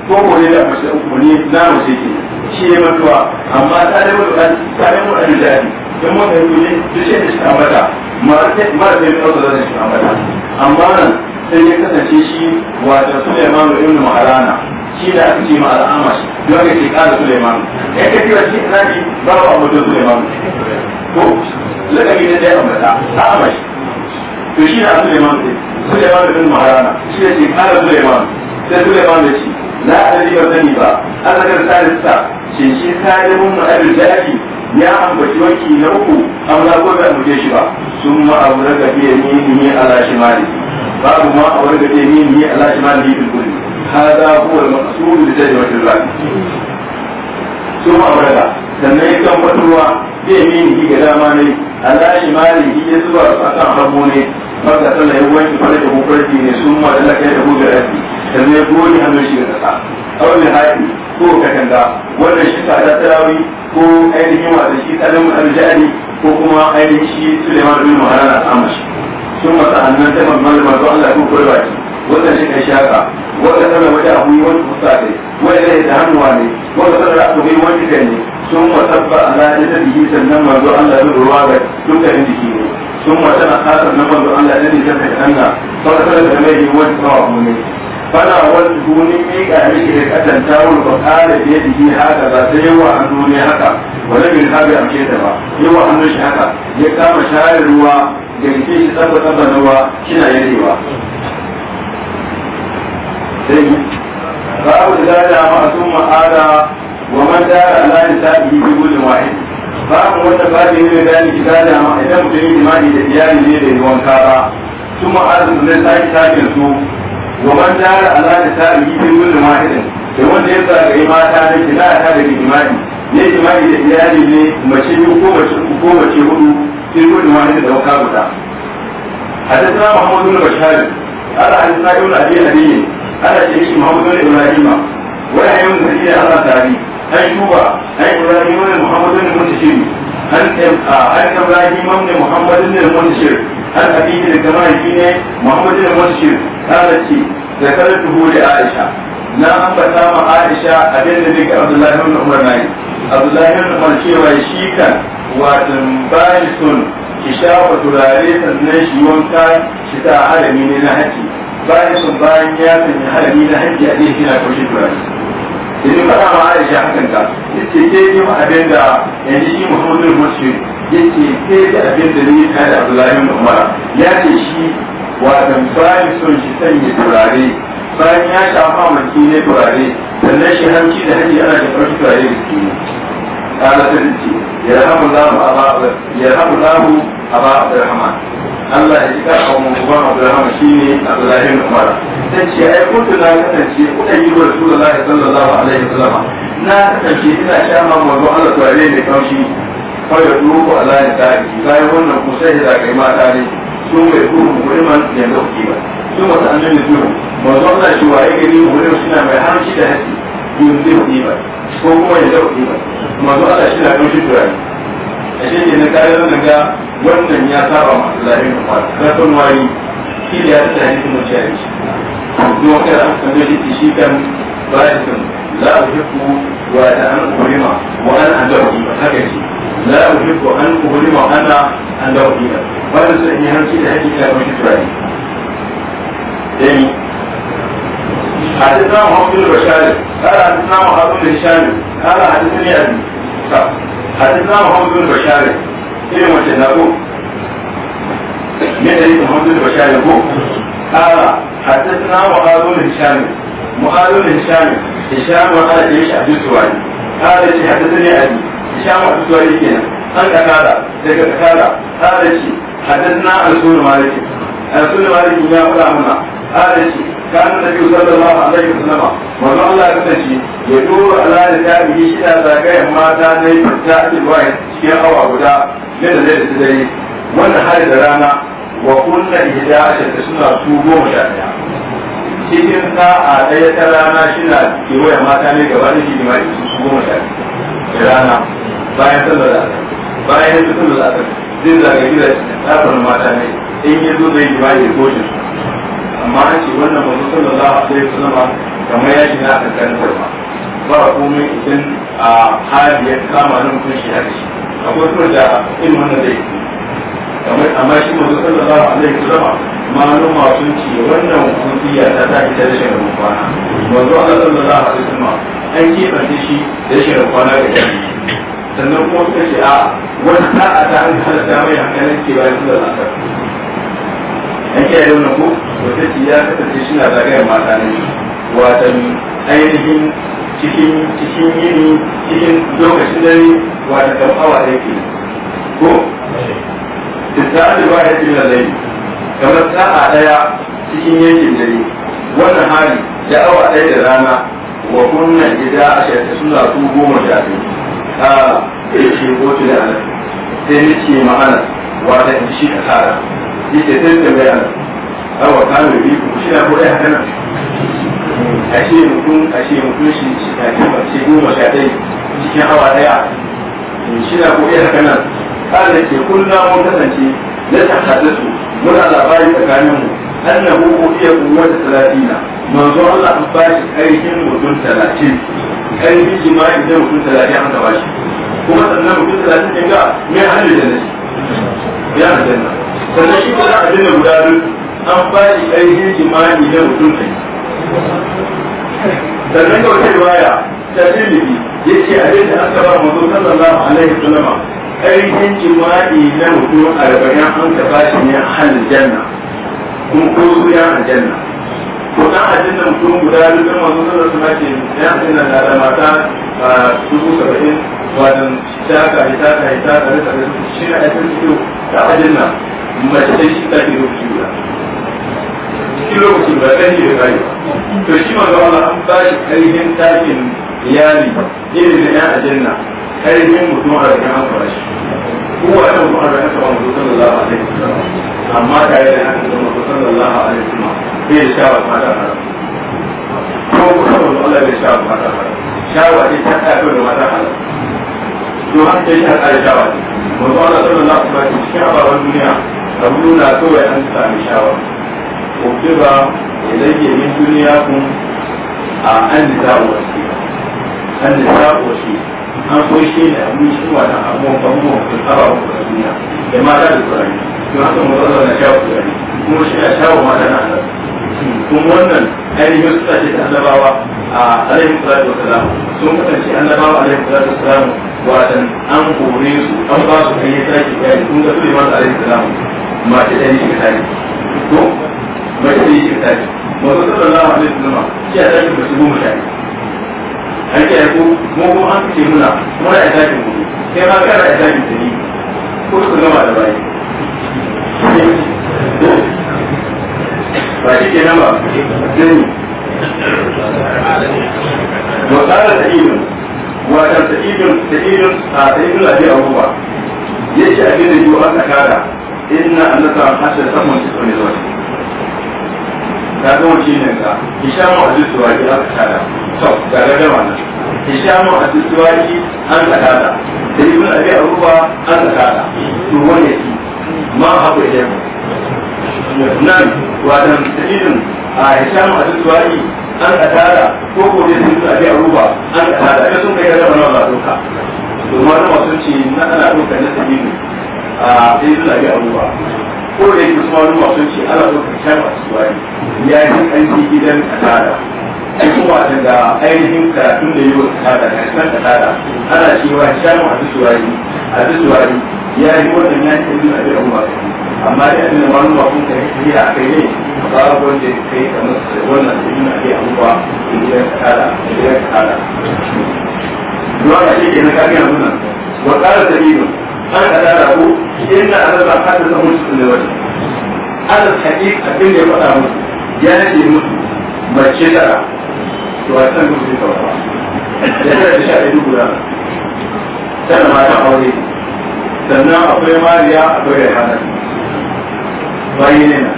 ko ko ne da mace uku ne na mace ke shi ya mutuwa amma salimun da salimun da abin da abin don mun da ne duk shi da shi ambata mara sai ya auta ranar shi ambata amma nan sai ya kasance shi watan Suleiman ibn Maharana shi da aka ce ma al'ama shi yau ke kara Suleiman ya ka kira shi na ji babu abuja Suleiman to lakabi na ɗaya ambata al'ama shi to shi na Suleiman ɗin Suleiman da bin Maharana shi da ke kara Suleiman sai Suleiman da shi la adadi ba sani ba an zakar salisa shin shi salimun na abin jaji ya ambaci wanki na uku amma ko bai je shi ba sun ma abu da gabe ni ne ala shimali babu ma abu da gabe ni ne ala shimali bil kulli هذا هو المقصود بترجمة الباب ثم أبرد sannan ya kan fatuwa zai mini ga dama ne ala imani ya zuba a kan hagu ne maka sana ya wanke fara da hukunci ne sun ma da lakai da hujjar rafi sannan ya goyi hannun shi ga kasa aure haɗi ko katanga wannan shi tsada tarawi ko ainihin wata shi tsadan aljani ko kuma ainihin shi suleiman bin muharara amashi sun masa annan ta mamman da masu allah ko kurbaci wannan shi kan shaka wanda sanar wajen abu yi wani kusa ne wanda ya ta hannuwa ne wanda sanar aka yi wani kan ne sun masabba ala ya ta bihi sannan manzo Allah ya ruwa ga dukkanin jiki ne sun masana kasar na manzo Allah ya ne zai kan na sanar sanar da mai yi wani kawo mu ne fana wani duni miƙa miki da kasan tawul ba ƙara da ya jiki haka za ta yi wa hannu haka wani bin habi amshe ta ba yi an hannu haka ya kama shayarwa da ke shi tsabba tsabba na ruwa shi na yadewa ba babu da dada masu ma'ada wa man dara ala nisa'i bi gudun wahid babu wanda babu ne da ni kidada ma idan mutum yi imani da iyali ne da wanka ba su ma'ada su zai sake sake su wa man dara ala nisa'i bi gudun wahid da wanda ya sa zagaye mata da kinata da imani ne imani da iyali ne mace biyu ko mace ko mace hudu sai gudun wahid da wanka guda حدثنا محمود بن بشار قال حدثنا ابن ابي نبيه ana ce shi muhammadu ibrahima wani ayyukan da iya allah tari an shuba an ibrahima ne muhammadu ne mutashiri an ibrahima ne muhammadu ne mutashiri an abidi da kamar shi ne muhammadu ne mutashiri kala ce da kala tuhu da aisha na ambata ma aisha abin da daga abdullahi ibn umar nayi abdullahi ibn umar cewa shi kan watan bayan sun ki shafa turare sannan shi wanka shi ta harami ne na haji bayan sun bayan ya sanya harami na hajji a ɗaya kina kawai turare yanzu faɗa ma aisha hakan ta yace ke yi ma abin da yanzu yi muhammadu muslim yace ke da abin da zai kai da abdullahi bin umara ya ce shi wadan bayan sun shi sanya turare bayan ya shafa maki ne turare sannan shi hanci da hajji ana da farko turare da su ne ƙara ta ce yarhamu lahu aba yarhamu lahu aba abdurrahman Allah ya jika a wani ban Abdulrahman shi ne Abdullahi bin Umar ta ce ai kuntu na kasance kuka yi wa Rasulullahi wa alaihi wasallam na kasance ina sha shama manzo Allah turare mai kaushi kawai turu ko Allah ya tsari zai wannan kusa ya zagai mata ne su mai kuru muhimman yanzu ba su masu annabi su manzo Allah shi wa waye gari muhimman suna mai harshe da hasi, yanzu ba ko kuma yanzu ba manzo Allah shi na kaushi turare a shi na kayan na ga wannan ya saba masu zafi na kwata na son wari shi da ya ta hadisi mun ciyar shi don wata an shi shi kan bayan sun la uhibbu wa ta an uhrima wa an adawi haka shi la uhibbu an uhrima wa ana adawi wannan sun yi hanci da hakika ya kwanci turai dai حدثنا محمد بن بشار قال حدثنا محمد بن هشام قال حدثني ابي حدثنا محمد بن بشار إلى متنبو من حديث محمد بن بشار قال حدثنا وقال بن هشام وقال بن هشام هشام وقال ايش عبد السواري قال شيء حدثني ابي هشام عبد السواري كنا قال كذا ذكر كذا قال شيء حدثنا رسول مالك rasul malik ya fara mana ala shi kan nabi sallallahu alaihi wasallam manzo Allah da tabi'i mata ne ta ilwa awa guda ne da cikin sa'a ɗaya ta rana na mata ne gaba da shi ne mai su goma sha rana bayan sallar da bayan sallar da zai zaga gida ɗafin mata ne in yi zo zai jima'i ya goce su amma an ce wannan mazu sallallahu alaihi wasallam kamar ya shiga a kankan sarfa ba komai idan a hali ya kama nan kun shi haka shi akwai kuma da irin wannan zai kamar amma shi mazu sallallahu zama wasallam maluma sun ce wannan kudiya ta ta ita da shirin kwana mazu sallallahu alaihi wasallam an keɓance shi da shirin kwana ga jami'i sannan kuma suka ce a wani sa'a ta an halatta mai hankalin ke bayan sallar asar an kiyaye wannan ko wata ce ya kasance shi na zagayen mata ne watan ainihin cikin cikin yini cikin lokacin dare wata kan awa da yake ko tattara da ba ya ce lalai kamar sa'a daya cikin yankin dare wannan hali da awa ɗaya da rana wa kunna gida a shirka suna su goma sha kala sai ce kotu da anas sai ni ce ma anas wata in shi ka tara shi ke sai ta bayan awa kano bi ku shi da kodai haka nan a ce mutum a ce mutum shi shi ta ce ba ce goma sha ɗaya cikin awa ɗaya shi da kodai haka nan kala da ke kullum mun kasance na ta haɗu muna labari tsakaninmu annahu uhiya quwwat 30 manzo Allah an ba shi karfin mutum 30 karfin jima'i da mutum 30 an ba shi kuma sannan mutum 30 din ga mai halin da nashi ya aljanna sannan shi kuma abin da guda biyu an ba shi karfin jima'i da mutum 30 sannan ga wata riwaya ta tilbi yace abin da aka ba manzo sallallahu alaihi wasallam na mutum 40 an ba shi ne halin janna kun ko su ya aljanna ko dan aljanna mutum guda duk masu zama su mace ya aljanna na da mata a dubu saba'in wadan shaka hitaka hitaka da saba'in shi na aikin su ta aljanna mace ta shi ta ke rufi guda cikin lokaci ba kan yi da kayi to shi ma manzo Allah an ba shi ainihin takin iyali irin na aljanna ainihin mutum a rikin an fara shi kowa ya mutum a rikin an fara mutum sallallahu alaihi wasallam amma yi da haka da mafi sallallahu alaihi wasallam bai sha ba fata fara ko kusa ba Allah bai sha ba fata fara shawa ce ta tafi da mata hala to an kai ta kare shawar. ce mafi Allah sallallahu alaihi wasallam cikin ababen duniya abu nuna kawai an sami shawa ko ba ilayya min duniya kun a an nisa wa shi an nisa a shi an so shi ne abin shi wa da abubuwan abubuwan da tsara wa duniya da mata da tsara masu mawazo na sha kuwa kuma shi a sha wa na kuma wannan ainihin su sace ta annabawa a alaihi salatu wasalam sun kasance annabawa alaihi wa wasalam wadan an hore su an ba su kai sake kai kun ga Sulaiman alaihi salam ma ta dani shi kai ko ma ta dani shi kai mazo sallallahu alaihi wasallam shi a sake musu mu shi an ce ko mu ko an ce muna muna a sake mu sai ma kana a sake tani ko su gama da bai ba shi ke nan ba zai wa tsara ta idun wata ta idun ta idun a ta idun lafi a ruwa ya ce a gina yiwu an da inna annata hasa samun su tsoni zuwa ta zama shi ne ka hishamu a zuwa ya tsakada to ga gaggawa nan hishamu a zuwa an tsakada da a abi aruba an tsakada to wani ya ci ma haku yi nan wadan dalilin a hisham a zuwari an katara ko ko dai sun tsaye a ruba an katara ya sun kai da wannan ba doka domin wannan masu ci na ana doka na dalilin a dai sun tsaye a ruba ko da yake kuma wani masu ci ana doka hisham a zuwari ya yi an gidan katara kuma daga ainihin karatun da yiwu ta da kan ta tada ana cewa shanu a tsuwari a tsuwari ya yi wannan ya ce ni a ba umma amma da abin da wani mutum ka yi a kai ne a ba wanda ya kai kamar wannan din na ke abuwa in ya tada in ya tada duwa da shi ke na kafin nuna wa qala sabilu an kada da ku inna azaba hadatha musu da wani azab hadith abin da ya faɗa musu ya ce musu mace tara wasan gudu da kawawa da tara da sha ɗaya guda tana mata aure sannan akwai mariya akwai da hana bayi ne na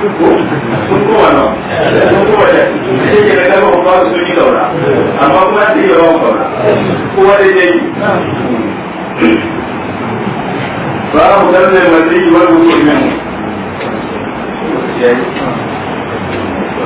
sun kowa nan sun kowa da shi ke da kama kuma su yi gaura amma kuma su yi yawan gaura kowa da ya yi ba a ganin mai yi wani mutum ne mu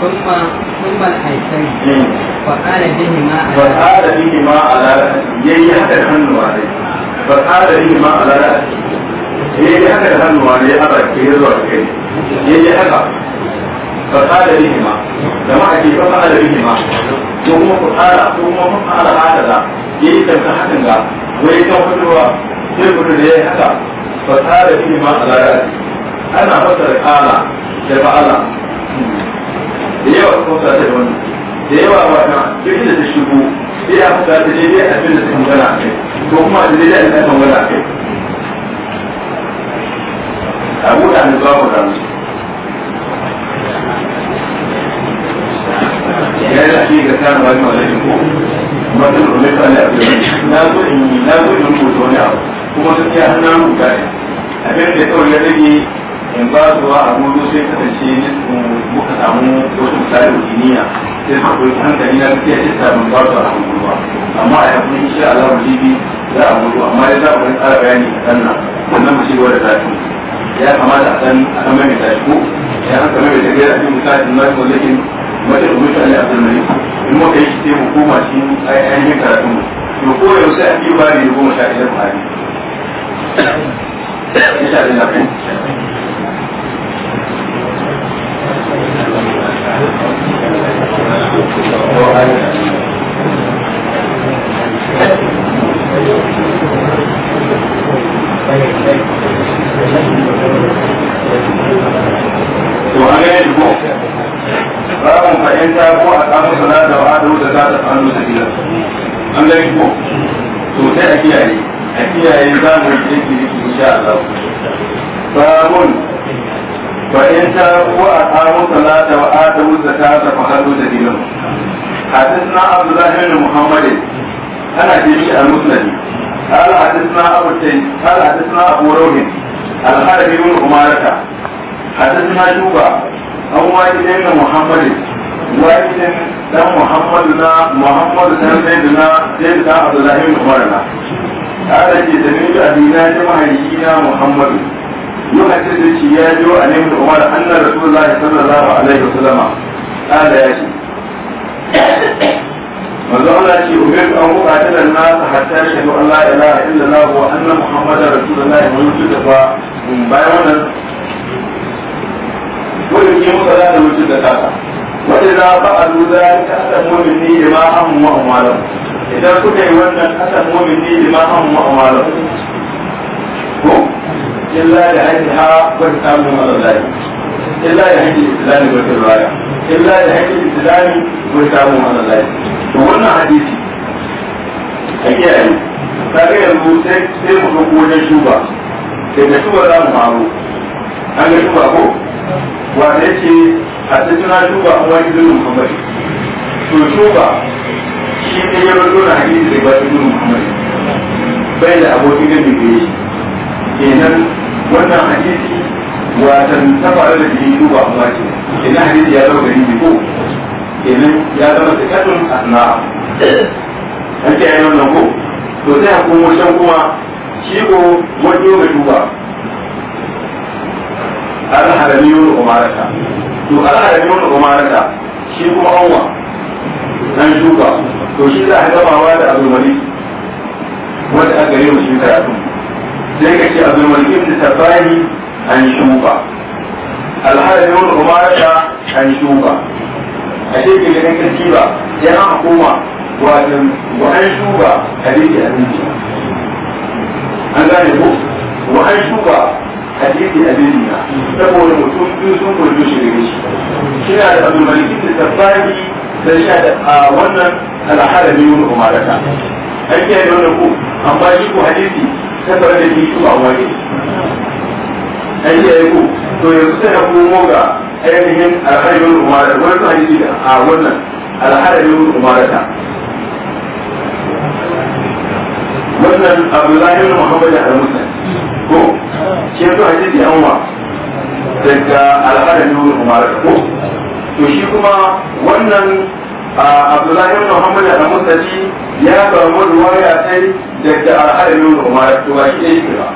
ثم ثم الحيتين فقال بهما فقال بهما على يي حتى الحنو عليه فقال بهما على رأسه يي حتى الحنو عليه أبا كير وكير يي حتى فقال بهما جماعة فقال بهما ثم فقال ثم فقال هكذا يي تبقى حتى ويكون فتوى يقول لي حتى فقال بهما على رأسه أنا فسر قال جمع الله da yawa su kuma da wannan da yawa ba na duk inda ta shigo sai ya fusa ta daidai abin da ta magana a kai ko kuma da daidai da ta magana a kai abu da ne ba ku da musu ya yi ake ga tsarin wani wani ko masu rume ta ne a na zo in yi na zo in rubuta wani abu kuma sun iya hannun rubuta ne abin da ya kawai ya rage in ba su wa abu yau sai kasance muka samu wasu misali kimiyya sai su koyi hankali na tafiya ta samun ba su a ruwa amma a yanzu insha Allah jibi za a ruwa amma ya za a wani tsara bayani a kan nan sannan mu shigo da zafi ya kamata a san a kan mai tashi ko ya an kamar da gaira cikin misalin na ko lakin mace da mutane a zan mai in muka yi sai mu koma shi ainihin karatun mu to ko yau sai an yi bari da goma sha ɗaya da buhari. Insha Allah. kiyaye za mu yi aiki da insha Allah. Babun فإن تابوا أقاموا الصلاة وآتوا الزكاة فخلوا سبيلهم حدثنا عبد الله بن محمد أنا جميع المسند قال حدثنا أبو التين قال حدثنا أبو روح الحربي بن عمارة حدثنا شوبة أو واحد بن محمد واحد بن محمدنا محمد بن زيدنا زيد عبد الله بن عمارة قال جدني أبينا جمعينا محمد lokacin da shi ya biyo a nemi umar annar rasulullahi sallallahu alaihi wasallam ala ya ce manzo Allah ce umar an buƙata da nasu hatta shi da Allah ilaha illallah wa anna muhammadar rasulullahi wa yusufa fa bayan wannan wani ke musa da wuce da ta wani za ba a lura ta asan mumini imahun ma'amalan idan kuka yi wannan kasar asan mumini imahun ma'amalan ko illa da hajjiha wa hisabu min Allah illa da hajji islami wa tilwaya illa da hajji islami wa hisabu min Allah to wannan hadisi ake yi kaga yanzu sai sai mu ga wajen shuba sai da shuba za mu an ga shuba ko wanda yake a cikin shuba shuba shi ne da ba bai kenan wannan hadisi tan tabar da yi ko ba kuma ce kenan hadisi ya zama gari ko kenan ya zama sakatun asna an ce ayyukan nan ko to sai a mu san kuma shi ko wani yau duba alharami wani umarata to alharami wani umarata shi kuma anwa an shuka to shi za a gabawa da abu malik wanda aka yi wa shi karatu sai ka ce abin wani ibn sabahi an shuba alhali wani umarata an shuba a ce ke ganin kaski ba ya an koma wajen wa an shuba hadisi abin ce an gane ko wa an shuba hadisi abin na saboda mutum biyu sun kullu shi gare shi kina da abin wani ibn sabahi sai shi da wannan alhali wani umarata an kiyaye wannan ko amma shi ko hadisi tattara da shi kuma wani an yi aiko to yanzu sai ka komo ga ainihin alharabin umarar wani su hadisi da a wannan alharabin umarata wannan abdullahi bin muhammad al-musa ko shi yanzu hadisi an wa daga alharabin umarata ko to shi kuma wannan abdullahi ibn muhammad da musali ya samu ruwaya sai daga al-harbi umar to ba shi yake ba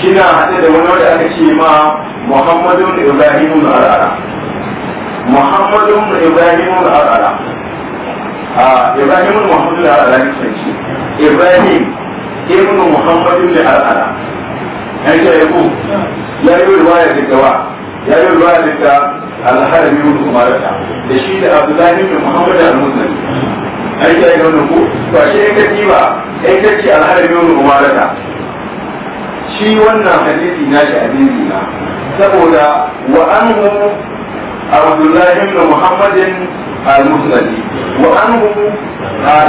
shina hade da wani wanda aka ce ma muhammadun ibrahim al-arara muhammadun ibrahim al-arara a ibrahim muhammad al-arara ne shi ibrahim ibn muhammad al-arara ai ya yi ruwaya daga wa ya yi ruwa da alharami wani umarata da shi da abdullahi bin muhammad al-muslim an yi aika ku. ba shi ashe in ba tiba in ka ce alharami wani umarata shi wannan hadisi na shi hadisi na saboda wa anhu abdullahi bin muhammad al-muslim wa anhu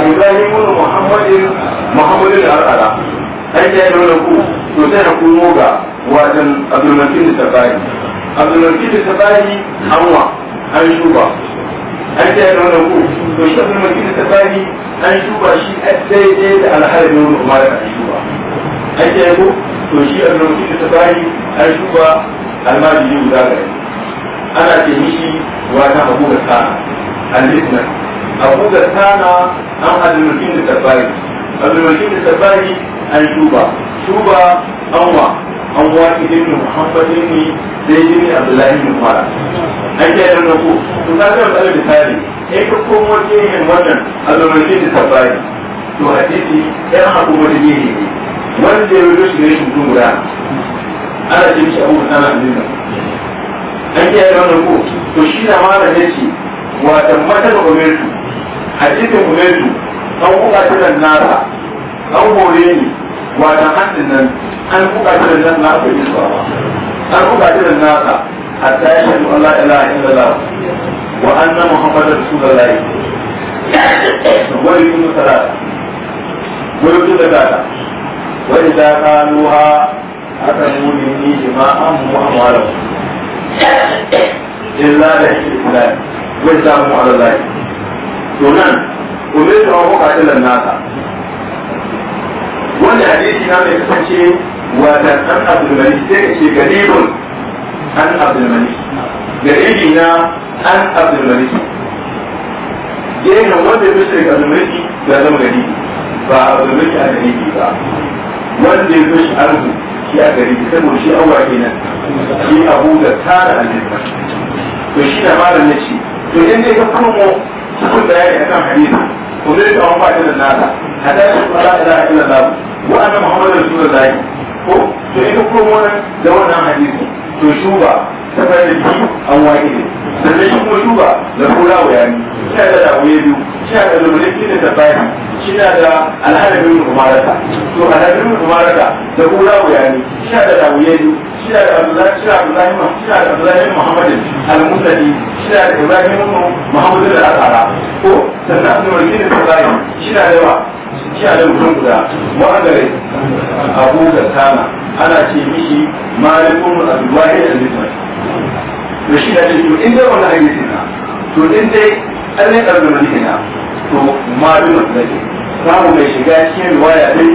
ibrahim bin Muhammadin muhammad al-arara an yi aika wani ko to sai na kuma wajen abdullahi bin sabari abdulmajid da anwa an shuba an ta yana da ku to shi abdulmajid da an shuba shi a daidai da alhalin wani umar da an shuba an ta ko to shi abdulmajid da an shuba almajiri guda yi ana ce mishi wata abu da sana al abu da sana an abdulmajid da tabari abdulmajid da an shuba shuba anwa an waki ibn muhammad ne zai din ne abdullahi bin fara an ke da ku to ka ga da misali sai ka komo cikin wannan al'amarin da tabbari to hadisi ɗan haku wani ne wanda ya rubuta shi ne shi guda ana jin shi abu sana ne an ke da ku to shi na mara ne shi wa tammata da umirtu hadisin umirtu an kuka tunan nasa an hore ni wajen hannun nan an kuka jiran nan na ba an kuka jiran nasa hatta ya shaɗu Allah ilaha illallah wa anna muhammadu wani wani wani da muni ni jima'an illa da shi wani to nan kuka jiran nasa wanda hadisi na mai kasance wata an abdulmalik sai ka ce garibun an abdulmalik garibi na an abdulmalik gehen wanda ya shirka abdulmalik da zama garibi ba abdulmalik a garibi ba wanda ya zo shi arzu shi a garibi saboda shi awa kenan shi abu da tara aljanna to shi na malam na ce to yanzu ya ga kuma cikin bayani akan hadisi وليس أو ما إلا الناس حتى يشهد لا إله إلا الله وأنا محمد رسول الله ko to in kuma wannan da wannan hadisi to shuba safar da shi an wake ne sannan yi kuma shuba na kura wa yani shi da da wuye biyu shi da lumurin shi da tabbari shi na da alhalabin umarata to alhalabin umarata da kura wa yani shi da da wuye biyu shi da abdullahi shi da abdullahi shi da abdullahi muhammadin al-musadi shi da ibrahim muhammadu da al-azhara ko sannan lumurin shi da tabbari shi da yawa shi a da mutum guda mu'adare abu da sana ana ce mishi malikun abdullahi da nisman to shi da ce to in dai wannan hadisi na to in dai an ne karbi mani na to malikun da ke samu mai shiga cikin riwaya ne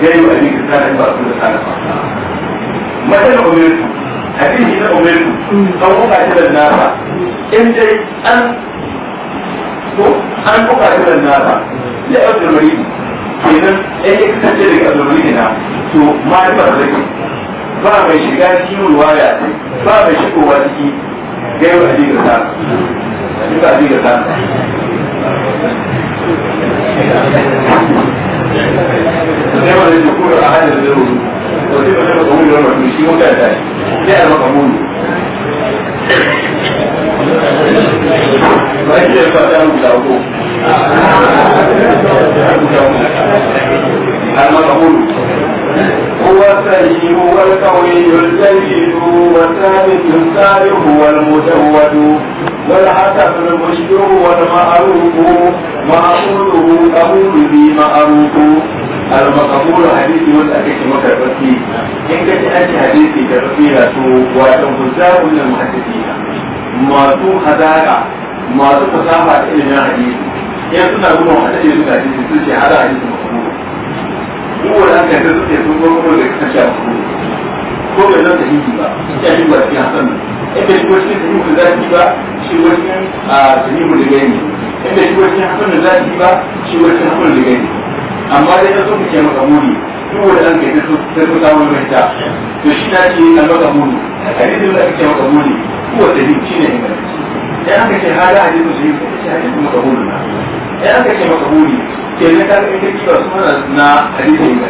gari wa abin da sana ba su da sana ba matsayin umirtu hadisi na umirtu an kuka shi da nasa in dai an ko an kuka shi da nasa da abdulmari kenan ɗan eh, ya kasance daga abdulmari na to ma'arifar zaki ba mai shiga cikin ruwaya ba mai shigowa ciki ga yau aji ga sa ba aji ga sa sai wani da kuma a hajjar da ruru to sai wani da kuma da ruru shi wanda ya tashi sai a maka mulu ba shi ya fata mu da المقبول هو السيد والقوي الجليل والثابت الصالح والمجود والحسن المشكر والمعروف معقوله قبول ذي معروف المقبول حديث والأكيد مكرفتي إن كنت أنت حديثي كرفيرة وتنفذاه من المحدثين ما تو حذارة ما تو فصاحة إلى حديثي ya suna gudun a ɗaya suna jini su ce a jikin mafi mu wani an suke sun gwamna da kashe a mafi ko bai zan da hindi ba ya shi ba cikin hasan nan in bai shigo cikin sahihu da ba shi wajen a sahihu da gani in shi shigo cikin hasan da zafi ba shi wajen hasan da gani amma dai na sun fice maka muni duk wani an kanta su ta su samun mahita to shi na ce an maka muni a kare da maka muni ko da shi ne ingantacce idan aka ce hada shi ko ce hadisi na aka ce makabuli ke ne ka ita ki su suna na hadisi ne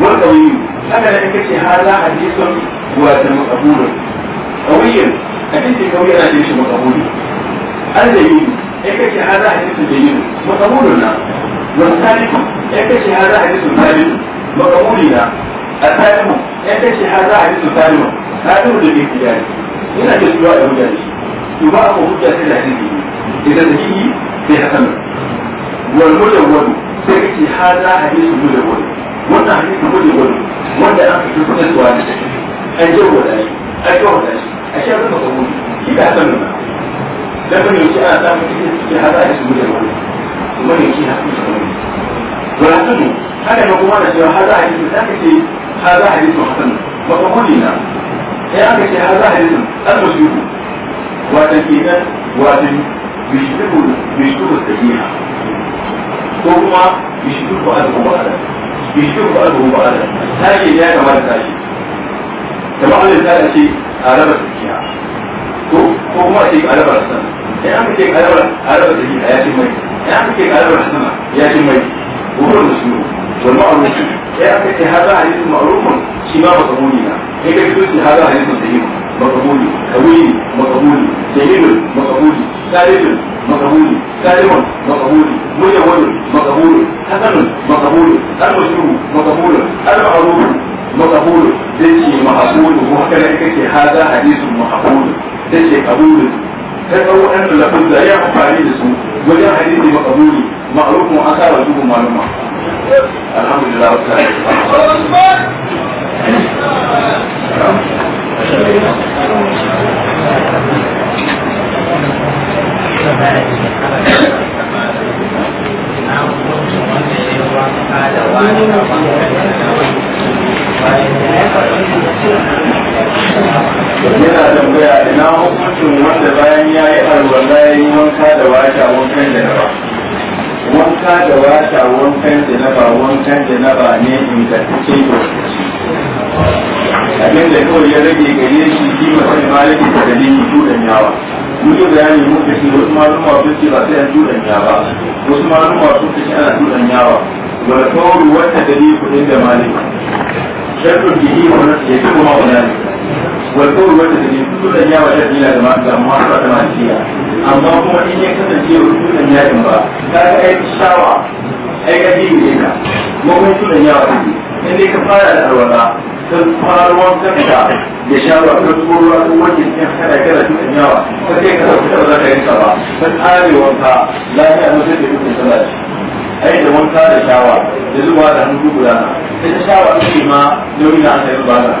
wani wal haka da aka ce hada hadisun ta makabul qawiyin hadisi kawai yana da shi makabuli alayhi ya kace hada hadisun da yin na wa salimu ya kace hada hadisun salim makabuli na asalimu ya kace hada hadisun salim salim da ke yana da ima aka hujja sai da hiri idan da hiri bai haka nan wal mulle wani sai kake hada hadisin mulle wani wannan hadisin mulle wani wanda an fi sun yi tsawa ne an je wadai an je wadai a shi an zama kuma shi da haka nan da kuma yake ana samun cikin cikin hada hadisin mulle wani kuma ne shi na fi sun yi wadatun haka nan kuma na cewa hada hadisin za ka ce hada hadisin haka nan ba ka kuli na sai aka ce hada hadisin an musu yi wata kenan wata bishiru bishiru sahiha ko kuma bishiru ba da ba da ba da ba da ya kama da tashi da ba Allah ta ce araba sahiha ko kuma ce araba sana sai an ce araba araba sahiha ya ce mai sai an ce araba sana ya ce mai wurin musulmi wal ma'ruf sai an ce hada hadith ma'rufun shi ma ba kamuni na ka مقبول كوين مقبول جليل مقبول سالم مقبول سالم مقبول مجود مقبول حسن مقبول المشروع مقبول المعروف مقبول ذكي مقبول وكذلك هذا حديث مقبول ذكي قبول فهو أن لفظ يا حفاري لسو ويا حديث مقبول معروف وأثار وجوه معلومة الحمد لله والسلام yana tambaya ina hukuncin wanda bayan ya yi alwala ya yi wanka da wata wankan da naba wanka da wata wankan da naba wankan da naba ne cikin da abin da kawai ya rage gare shi shi masu maliki da dalili judan yawa mutu bayani mun da wasu maluma su ce ba sai an judan yawa wasu maluma su ce ana judan yawa wa kawo wata dalili kudin da maliki sharrun jihi wannan ya ce kuma wannan wa kawo wata dalili judan yawa da dalila da masu da masu da malikiya amma kuma in ya kasance wasu judan yawa ba ta ga aiki shawa aiki ne ka kuma judan yawa ne in dai ka fara da alwala fara ruwan kanka ya sha ta ka zubo ruwa ka wanke cikin kana kana yawa ta kai ka sauka ba ka yanka ba ta tsare wanka lafiya na sai da dukkan salati ai da wanka da shawa da zuba da hannu guda ta ta shawa ake ma nauyi na ta yi zuba na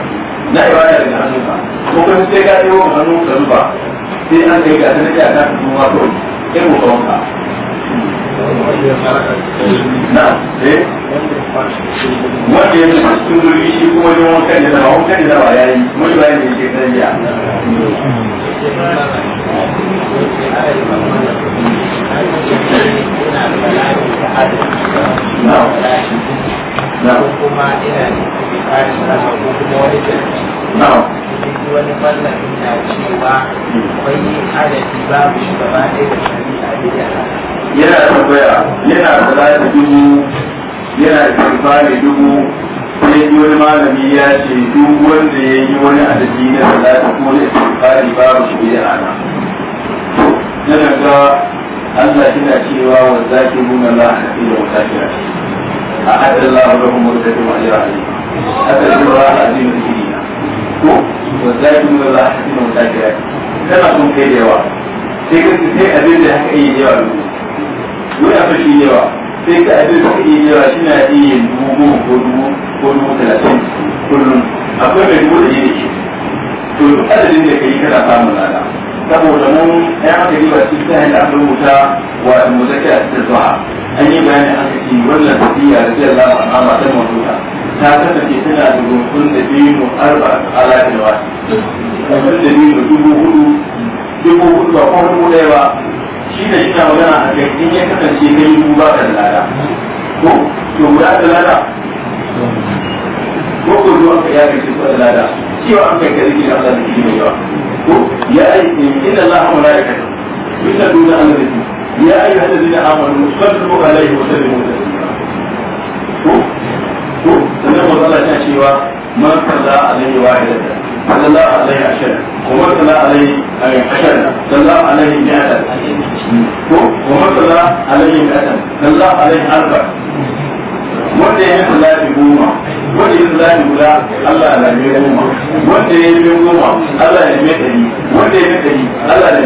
na ibada daga hannunka ko ka sai ka ɗaya wa hannu ka zuba sai an kai ga sanar da ta kuma kawai kai mu ka wanka na eh wanda ya zama cikin zurfi shi kuma wajen wankan da zama wankan da wani bayan da yake ya da wani yana da yana istighfari dubu sai yi wani malami ya ce duk wanda ya yi wani adadi na salati ko na istighfari babu shi bai ana na daga Allah yana cewa wa zaki nuna la hakila wa zakira a adallahu lahum wa zakira wa a alayhi hada jura azim al-kirina ko wa zaki nuna la hakila wa zakira kana sun kai da yawa sai ka sai abin da haka yi yawa wani abin shi yawa sai ka abin da kake jira shi na iya dubu goma ko dubu ko dubu talatin kullum akwai mai dubu da yi da ke to duk adadin da ka yi kana samun lada saboda mun ya aka yi ba su ta hanyar aka rubuta wa muzaki a cikin zuwa an yi bayani an ka ce wannan tafiya da zai lafa a matan mafuta ta kasance tana da rumfun da dino arba alaƙin wa rumfun da dino dubu hudu dubu hudu ba ko dubu ɗaya ba shi ne ina magana a kai in ya kasance kai mu ba da lada ko to ba da lada ko ko ruwan ka ya kai ba da lada cewa an kai kai ne Allah ne mai yawa ko ya ai inna Allah wa malaikatu yusalluna ala nabi ya ayyuhal ladina amanu sallu alaihi wa sallimu taslima ko ko sannan Allah ya cewa man salla alaihi wa sallam صلى الله عليه عشرة ومثل عليه عشرة صلى الله عليه مئة ومثل عليه مئة صلى عليه أربع wanda ya yi salati goma wanda ya salati guda Allah ya labe goma wanda ya yi goma Allah ya mai dari wanda ya Allah ko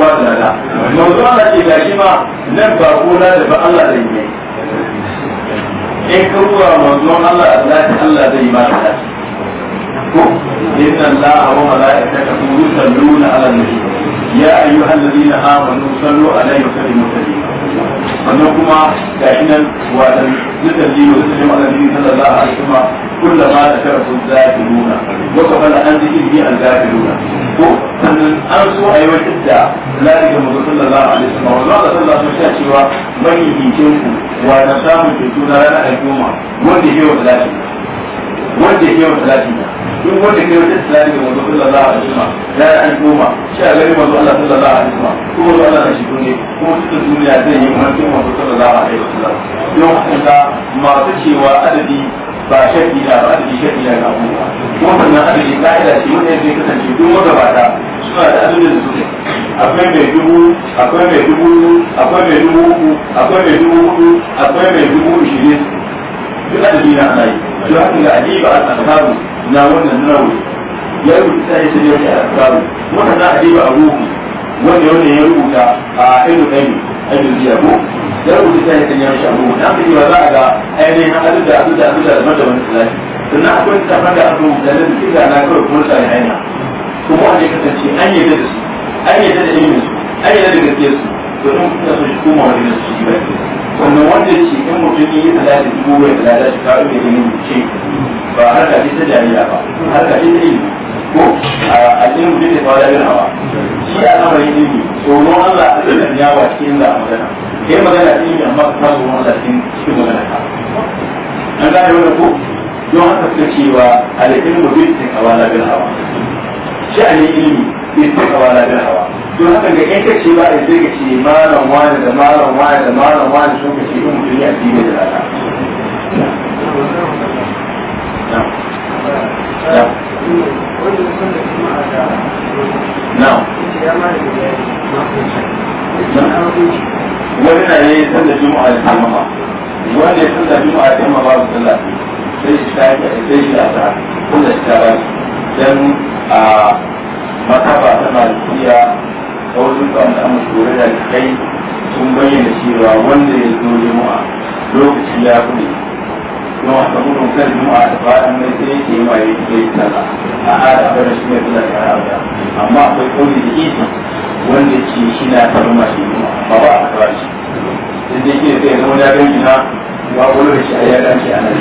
ba da lada manzo Allah ce gashi ma nan ba ko da ba Allah da yi in ka ruwa manzon Allah zaki Allah zai yi mata da ko inna Allah wa malaikatahu yusalluna ala nabi ya ayyuhallazina amanu sallu alaihi wa sallimu taslima sannan kuma ga shi nan watan zidan jini da jini wannan jini sallallahu alaihi wasallam kullu ma da karatu zafiruna wa da an a al nuna ko sannan an so a yi wata da lalika mu sallallahu alaihi wasallam wannan da sallallahu alaihi wasallam cewa bani hikin ku wa da samun juna ranar al'umma wanda yake wa talatin wanda yake wa talatin duk wanda ke wajen islami da manzo sallallahu alaihi wasallam ya yi an goma shi a gari manzo Allah sallallahu alaihi wasallam ko manzo Allah na shigo ne kuma cikin duniya zai yi manzo manzo sallallahu alaihi wasallam don haka masu cewa adadi ba shaɗi da ba adadi shaɗi da ga kuma wannan adadi ka'ida ce wanda yake kasance duk magabata suna da adadin da suke akwai mai dubu akwai mai dubu akwai mai dubu uku akwai mai dubu hudu akwai mai dubu ishirin biladi na yi na wannan ya rubuta ya ya wanda wanda ya rubuta a ilu kai ajin jiya ko ya rubuta ya na za a ga ainihin da da da da wani sannan akwai da na kawai kuma aina kuma wanda ya kasance an da su an da ilimin su an da su to in so shi wani wannan wanda ya ce in mutum yi talatin dubu bai talata shi kawo bai gani ce ba har ka ce ta jami'a ba har ka ce ta yi ko a cikin mutum ya fara yin hawa shi a zama yin ilimi tsoron Allah a cikin ya ba cikin za a magana ke magana ta ilimi amma ka zo Allah cikin cikin magana ka an gane wani ko don haka suka cewa a da ilimi mutum ya kawo labin hawa sha'ani ilimi bai sai na bin hawa don haka ga in kace ba in sai malam wani da malam wani da malam wani sun kace in mutum ya addini da lada wani na ne san da juma'a da tammama wanda ya san da juma'a da tammama ba su sallah sai shi ta yi sai shi ta shi ta ba dan a mataba ta malikiya sauran kan da amshure da kai sun bayyana cewa wanda ya zo jama'a lokaci ya kule don haka gudun kan jama'a da fara mai sai ke yi mai yi yi sallah a ara abin shi ne sallah ya rabu amma akwai kauli da ita wanda ke shi na kalma shi ba ba a kawai shi sai dai ke sai zama ya gani na ba wani da shi a yada shi a nan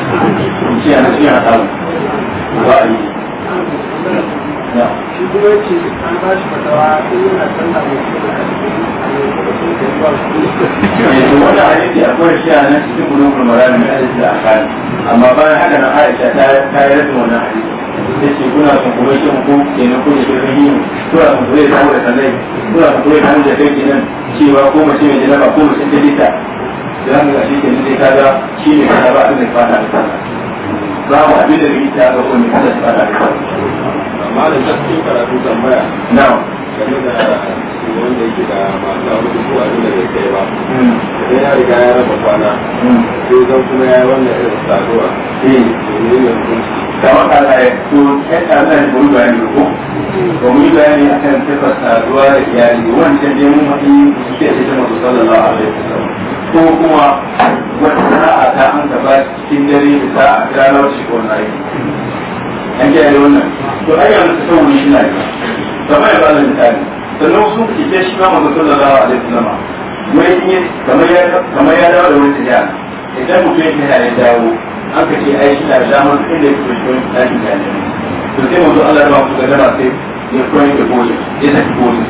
shi a nan shi a samu ba a yi shi kuma ce an ba shi fatawa sai yana sallah mai cikin yanzu wani hadisi akwai shi a nan cikin gudun kulmara mai hadisi a kan amma bayan haka nan aisha ta yi rasu wannan hadisi da ce kuna son kuma shi ko kenan ko shi rigi ne kuna son kuma ya samu da sanai kuna sun kuma ya samu da kai kenan cewa ko mace mai jinaba ko mace ta lita da haka shi kenan sai ta ga shi ne ba ta ba a da fata da sallah babu abin da bai ta ga wani kada ta da kai amma da gaske karatu tambaya na'am game da wanda yake da masu abubuwa kuwa abin da bai ba hmm. idan ya riga ya raba kwana hmm. sai zan kuma ya yi wannan irin saduwa hmm. eh domin yanzu eh, kamar kala ya to ya tsara da mun bayani ko ba mu yi bayani akan tafar saduwa da iyali wancan dai mun haɗi su ke da ita sallallahu alaihi wasallam ko kuma wata sana'a ta an gaba cikin dare da ta a ranar shi ko na yi an kiyaye wannan to ai yanzu ta sauran shi na yi kamar ya misali sannan wasu ke ke shi ma masu sallallahu alaihi wasallam wai in kamar ya kamar ya dawo da wani tafiya idan mutum ya tafiya ya dawo an ka ce ai shi na da damar inda ya fito shi wani tafi da ne to sai mutum Allah ya ba mu gadara sai ya koyi da goyi ya tafi goyi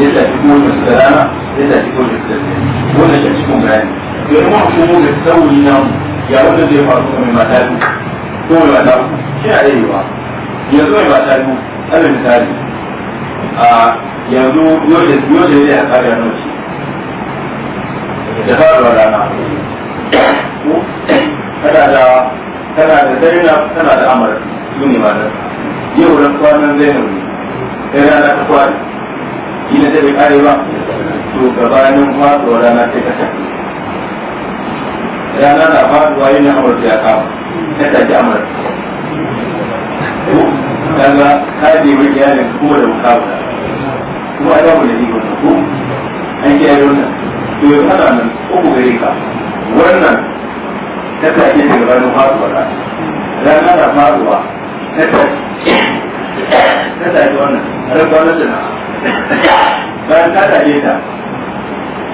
ya tafi goyi da rana ya tafi goyi da dare wannan shi cikin bayani ya yi mahimmu da sauyi nan ya wanda zai faru mai mata biyu ko mai mata uku shi na yiwa yanzu mai mata biyu misali a yanzu yau da zai haƙa da nauci da faruwa da da da amara su ne yau ran kwanan zainab ne sai rana ta kwari ina da bai kare ba to rana sai ka tafi rana na faduwa yana amurka ya kama ta tafi amurka kaga ka nemi iyalin kuma da mukawata kuma ai babu da ni ko an kiyaye wannan to ya fada nan uku gare ka wannan ta tafi daga ranar faduwa rana na faduwa ta tafi ta tafi wannan har na sana'a bayan ka tafi ta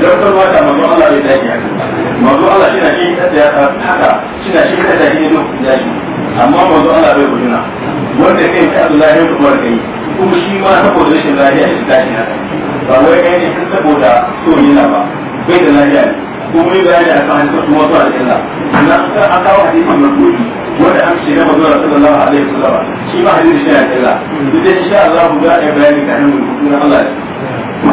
don kan wata manzo Allah bai tashi haka manzo Allah shi na shi kada ya haka shi na shi kada shi ne lokacin tashi amma manzo Allah bai guduna wanda kai ta Allah ya kuma kai kuma shi ma saboda rashin lafiya shi tashi na ba wai kai ne saboda so yana ba bai da lafiya ne kuma yi bayani a kan hadisi kuma zuwa da illa sannan an kawo hadisi marfu'i wanda an ce na manzo sallallahu alaihi wasallam shi ma hadisi shi na illa duk da insha Allah mu ga bayani kan mun Allah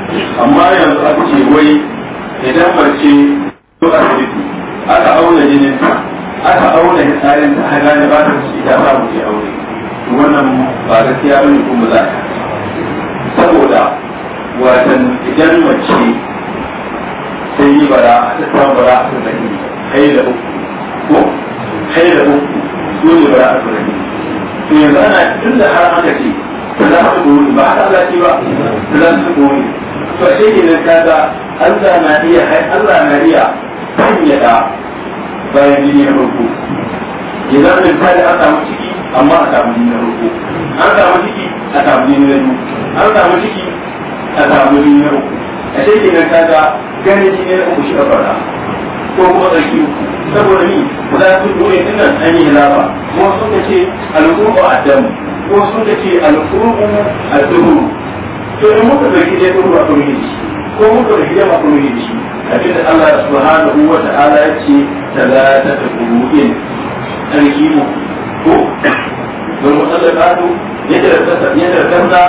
amma yanzu a ce wai idan mace to asibiti aka auna jinin ta aka auna hisarin ta haga da ba ta ci ta samu ke aure wannan ba gaskiya bane kuma mu ta saboda watan idan mace sai yi bara a ta bara a tattara kai da uku ko kai da uku dole bara a tattara to yanzu ana tun da har aka ce ثلاث قرون بعد ذاتي بقى ثلاث قرون فشيء من كذا ألا ما هي ألا ما هي سيدا بيانين الركوع إذا من كذا أتى مشكي أما أتى من الركوع أتى مشكي أتى من الركوع أتى مشكي أتى من الركوع أشيء من كذا كان يجينا أبو شيخ ko kuma tsarki uku saboda ni ba za su dole dinnan an yi hilaba kuma sun ce al'umma addamu ko sun da ce alƙur'u al-duhuru to in muka ɗauki dai duhuru a ko shi ko muka ɗauki dai a kuma shi a da Allah subhanahu wa ta'ala ya ce talata ta kuru'in alkimu ko don mutallaqatu yadda da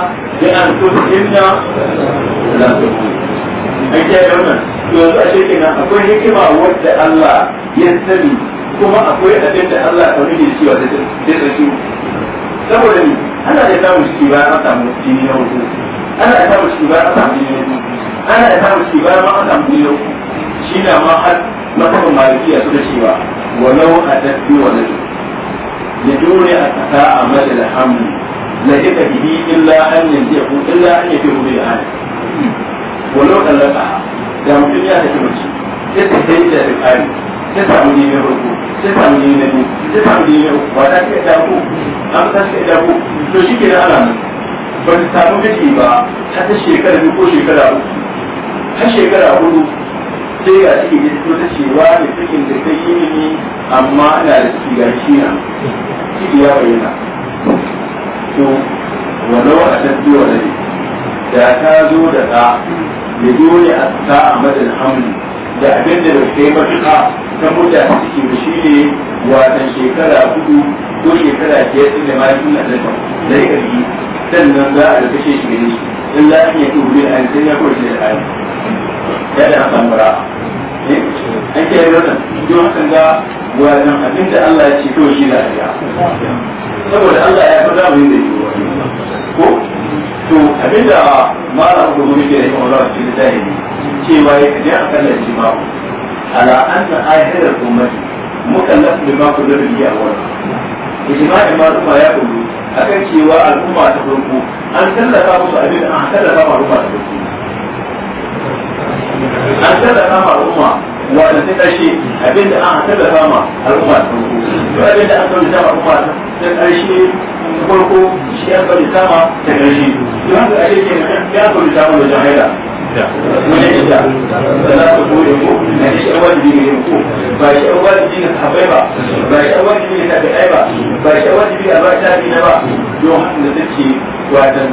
an tusinna la tusinna an kiyaye wannan to yanzu a shekin nan akwai hikima wadda Allah ya sani kuma akwai abin da Allah ya nuna shi wa da shi saboda ni ana da samun ciki bayan an samu jini na ana da samun ciki bayan an samu jini na ana da samun ciki bayan an samu jini na hudu shi na ma har masabin malikiya su da cewa walau a tafi wa nasu ya dole a kasa a madal hamdu la ita bihi illa an yanzu ya kuma illa an yafi hudu ya hana walau ɗallaka da mutum ya tafi mace sai ta yi da rikari sai samu ne na farko sai samu ne na biyu sai samu ne ba ta ta kai da to shi ke ba ta samu kashi ba ta ta shekara ko shekara uku shekara hudu sai ga shi ne ko ta cewa da cikin da ta yi amma ana da ciki ga shi na ciki ya bayyana to walau a tafi wa da ta zo da ta ya dole a ta a madal hamdu da abin da bai kai matuƙa ta a suke da shi ne watan shekara hudu ko shekara biyar din da mahaifin na da zai karbi sannan za a kashe shi gare shi in za a iya tuhu a yanzu ya kawai shi da kayan ya da hakan bara eh? an kiyaye wannan don hakan ga wannan abin da Allah ya ce kawai shi da a saboda Allah ya fi zamu da yi ko to abinda malam ko gumi ke rahimu Allah shi da ne cewa ya kaje a kallon shi ma ala anna ahirar ummati mukallaf bi ma kullu bi awal ijma'in ma kuma ya kullu akan cewa al'umma ta farko an tallafa musu abinda an tallafa ma al'umma ta farko an tallafa ma al'umma wanda ta ƙarshe abinda an tallafa ma al'umma ta farko duk abinda an tallafa ma al'umma ta ƙarshe farko shi an tallafa ma ta ƙarshe don haka ashe ke nan ya tallafa ma wajen haila wani ita da za ku bude ku na shi an wajibi ne ku ba shi an wajibi ne sahabbai ba ba shi an wajibi ne tabi'ai ba ba shi an wajibi ne ba ta ba don haka da take wajen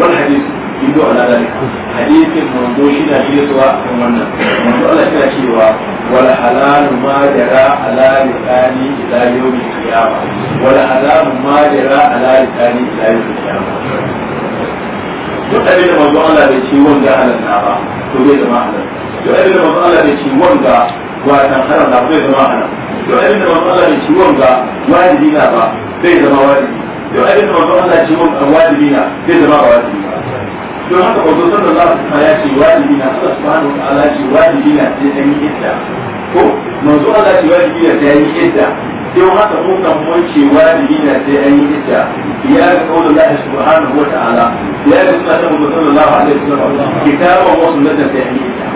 wani hadisi يدو على ذلك حديث منذ شنا جيسوا ومنا منذ الله كلا شيوا والحلال ما جرى على لسان إلى يوم القيامة والحلال ما جرى على لسان إلى يوم القيامة duk abin da manzo Allah bai ci wanda halatta ba to bai zama halal duk abin da manzo Allah bai ci wanda watan haram da bai zama haram duk abin da manzo Allah bai ci wanda wajibi na ba bai zama wajibi duk abin da manzo Allah ci wanda wajibi na bai zama wajibi ba don haka ba zan da za su fara ce wajibi na Allah subhanahu wa ta'ala ce wajibi na sai an yi idda ko manzo Allah ce wajibi na sai an yi idda don haka mun kan mun ce wajibi na sai an yi idda ya ga kaulin Allah subhanahu wa ta'ala ya ga sunan manzo sallallahu alaihi wasallam kitabun wa sunnatan sai an yi idda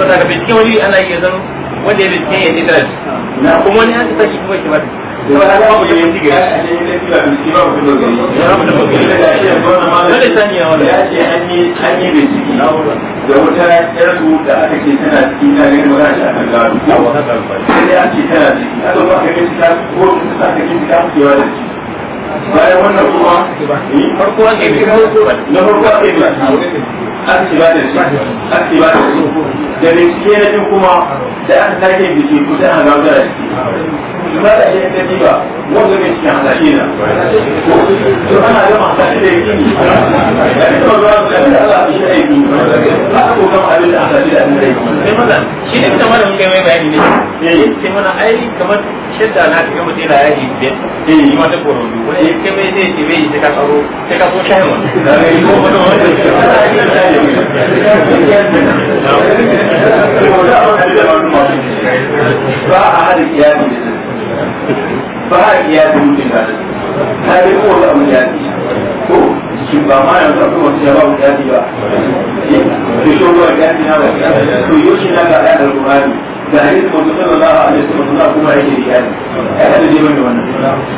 to daga bincike wani ana iya zan wanda ya bincike ya interest na kuma wani an tashi kuma shi mata Dole saniya wanda ya ce an yi an yi bincike da wata yar da aka ce tana ciki na ne wani shi akan gado. Sai ya ce tana ciki. Aka ba ka gaci ta ko ta sa ta cewa da ciki. bayan wannan kuma farko wanda ya na farko a kai aski ba da shi aski ba da shi da bincike na jin kuma da aka sake biki kusa a gagara ba da shi ta ba wanda mai cikin hasashe na to ana gama hasashe da yake yi da duk wanda ba da Allah shi da ba ko gama abin da hasashe da yake sai maza shi ne kuma malamin kai mai bayani ne ce mana ai kamar shidda na ka gama tela yaji biyar yi mata koron wani ya mai zai ce mai sai ka tsaro sai ka so ba a hada iyali ba a iyali mutum ba ta yi kowane abu iyali ko shi ba ma yanzu akwai wasu ya ba mu iyali ba ko shi ruwa iyali na ba to yoshi na ga ayar da da hadisi mutum sallallahu alaihi wasallam suna kuma yake kiyasi ai hada ne mai wannan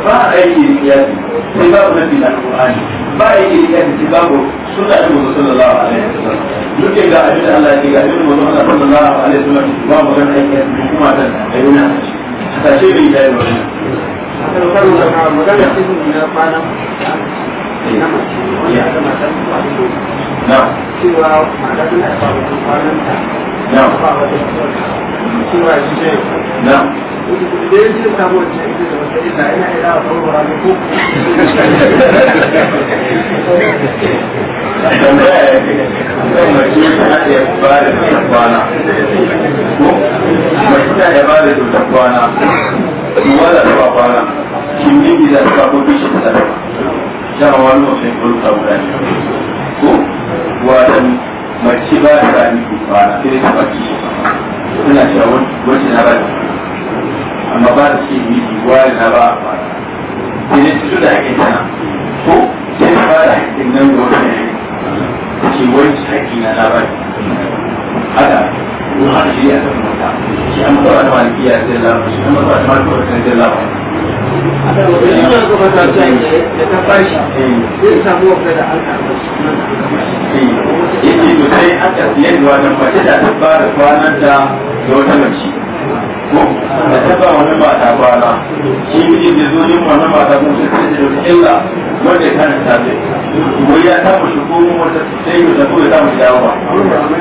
ba a yake kiyasi sai babu nabi da alqur'ani ba a yake kiyasi sai babu sunna da mutum sallallahu alaihi wasallam duk da abin da Allah ya ce ga abin da mutum sallallahu alaihi kuma ba mu ga aiki kuma da ayyuna ta ce bai dai wannan akan karu da magana cikin ina na cewa ma'ana tana ba mutum kwanan ta na ba wata na da ya ce da a faru ko ko wadan mace ba ta nufi kwana sai ta baki shi suna cewa wacce na ba da amma ba da ce ni wani na ba a fara sai ne su da haƙƙin tana ko sai na ba da haƙƙin nan da wata ne ta wacce haƙƙi na na haka ko har shi ya tafi mota shi an ba da maliki ya zai lafa shi an ba da maliki ya zai lafa da ta fashi eh. da yake to sai aka mace da ta fara kwanan ta da wata mace ko da ta ba wani mata kwana shi da zo wannan mata ko sai ta da illa wanda kana ta ce ko ya ta mu shigo mu wata sai da ta mu dawo ba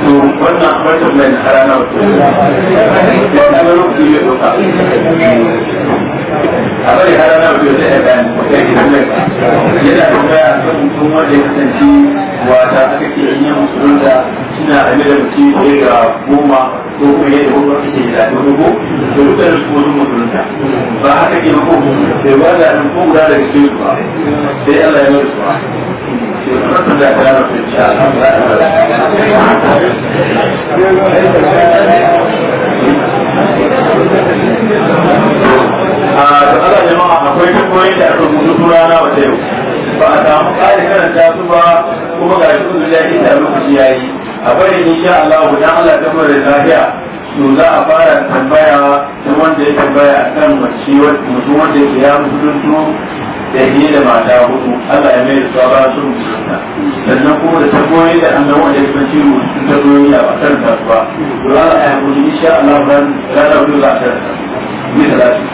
to wannan wannan mai kara na wato da kamar rufi ya doka a bari kara na wato da ya bayan wata gidan mai yana da kaya kan mutum wanda ya kasance wata aka ce in yi musulun da suna da da mutum ya ga goma ko kuma ya da goma kake da ta wani ko da duk da su wani musulun da ba haka ke ba ko bai ba da nan ko guda daga cikin su ba sai Allah ya mai su ba. Sai kuma sun da kara na wato insha Allah. a da akwai dukkan da aka rubutu a samu ƙari da a Allah wajen Allah ta mara lafiya to za a fara tambaya ta wanda ya tambaya a kan wacce mutum wanda ke ya mutuntu da ke da mata hudu Allah ya mai da tsawa su mutunta sannan kuma da tabboyi da annan wanda ya kanci sun tabboyi a bakar da ba to Allah yi kuli insha Allah ran rana hudu za a tarata ni da lafiya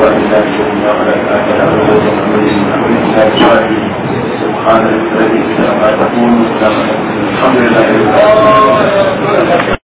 وإلا شهدنا على الآخرة وزوجة محمد أمر الله الصالح سبحان الذي لا تقول الحمد لله رب العالمين